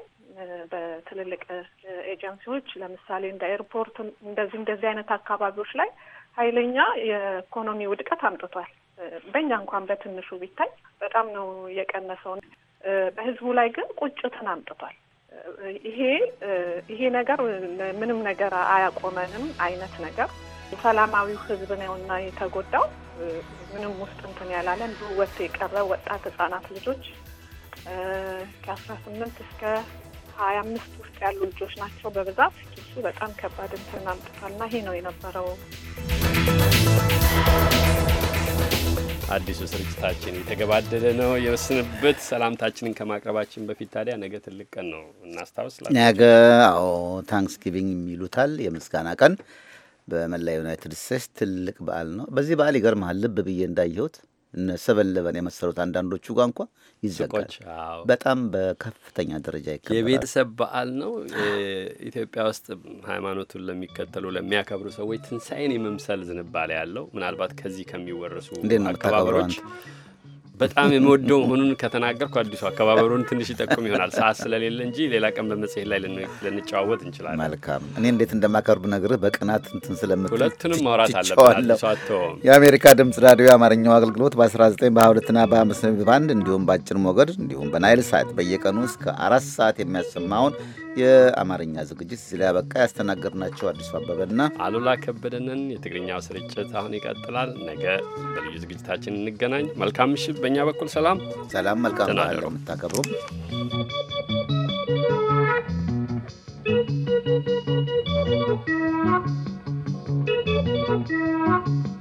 በትልልቅ ኤጀንሲዎች ለምሳሌ እንደ ኤርፖርት እንደዚህ እንደዚህ አይነት አካባቢዎች ላይ ኃይለኛ የኢኮኖሚ ውድቀት አምጥቷል። በእኛ እንኳን በትንሹ ቢታይ በጣም ነው የቀነሰውን። በህዝቡ ላይ ግን ቁጭትን አምጥቷል። ይሄ ይሄ ነገር ምንም ነገር አያቆመንም አይነት ነገር ሰላማዊው ህዝብ ነውና የተጎዳው ምንም ውስጥ እንትን ያላለን ብዙ የቀረ ወጣት ህጻናት ልጆች ከአስራ ስምንት እስከ ሀያ አምስት ውስጥ ያሉ ልጆች ናቸው በብዛት ኪሱ በጣም ከባድ እንትን አምጥቷል ና ይሄ ነው የነበረው። አዲሱ ስርጭታችን የተገባደደ ነው የወስንበት። ሰላምታችንን ከማቅረባችን በፊት ታዲያ ነገ ትልቅ ቀን ነው እናስታውስ። ነገ አዎ ታንክስጊቪንግ የሚሉታል የምስጋና ቀን በመላ ዩናይትድ ስቴትስ ትልቅ በዓል ነው። በዚህ በዓል ይገርመሃል ልብ ብዬ እንዳየሁት እነ ሰቨን የመሰሉት አንዳንዶቹ ጋር እንኳ ይዘጋል። በጣም በከፍተኛ ደረጃ ይከበራል። የቤተሰብ በዓል ነው። ኢትዮጵያ ውስጥ ሃይማኖቱን ለሚከተሉ ለሚያከብሩ ሰዎች ትንሣኤን የመምሰል ዝንባሌ ያለው ምናልባት ከዚህ ከሚወረሱ አከባበሮች በጣም የምወደው መሆኑን ከተናገርኩ አዲሱ አከባበሩን ትንሽ ይጠቁም ይሆናል ሰዓት ስለሌለ እንጂ ሌላ ቀን በመጽሔት ላይ ልንጨዋወት እንችላለን። መልካም እኔ እንዴት እንደማቀርብ ነግርህ በቅናት እንትን ስለምት ሁለቱንም ማውራት አለብን። የአሜሪካ ድምፅ ራዲዮ የአማርኛው አገልግሎት በ19 በ22ና በ5 ባንድ እንዲሁም በአጭር ሞገድ እንዲሁም በናይል ሰዓት በየቀኑ እስከ አራት ሰዓት የሚያሰማውን የአማርኛ ዝግጅት እዚህ ላይ ያበቃ። ያስተናገድናቸው አዲሱ አበበና አሉላ ከበደንን። የትግርኛው ስርጭት አሁን ይቀጥላል። ነገ በልዩ ዝግጅታችን እንገናኝ። መልካም ምሽት። በእኛ በኩል ሰላም ሰላም፣ መልካም በዓል you.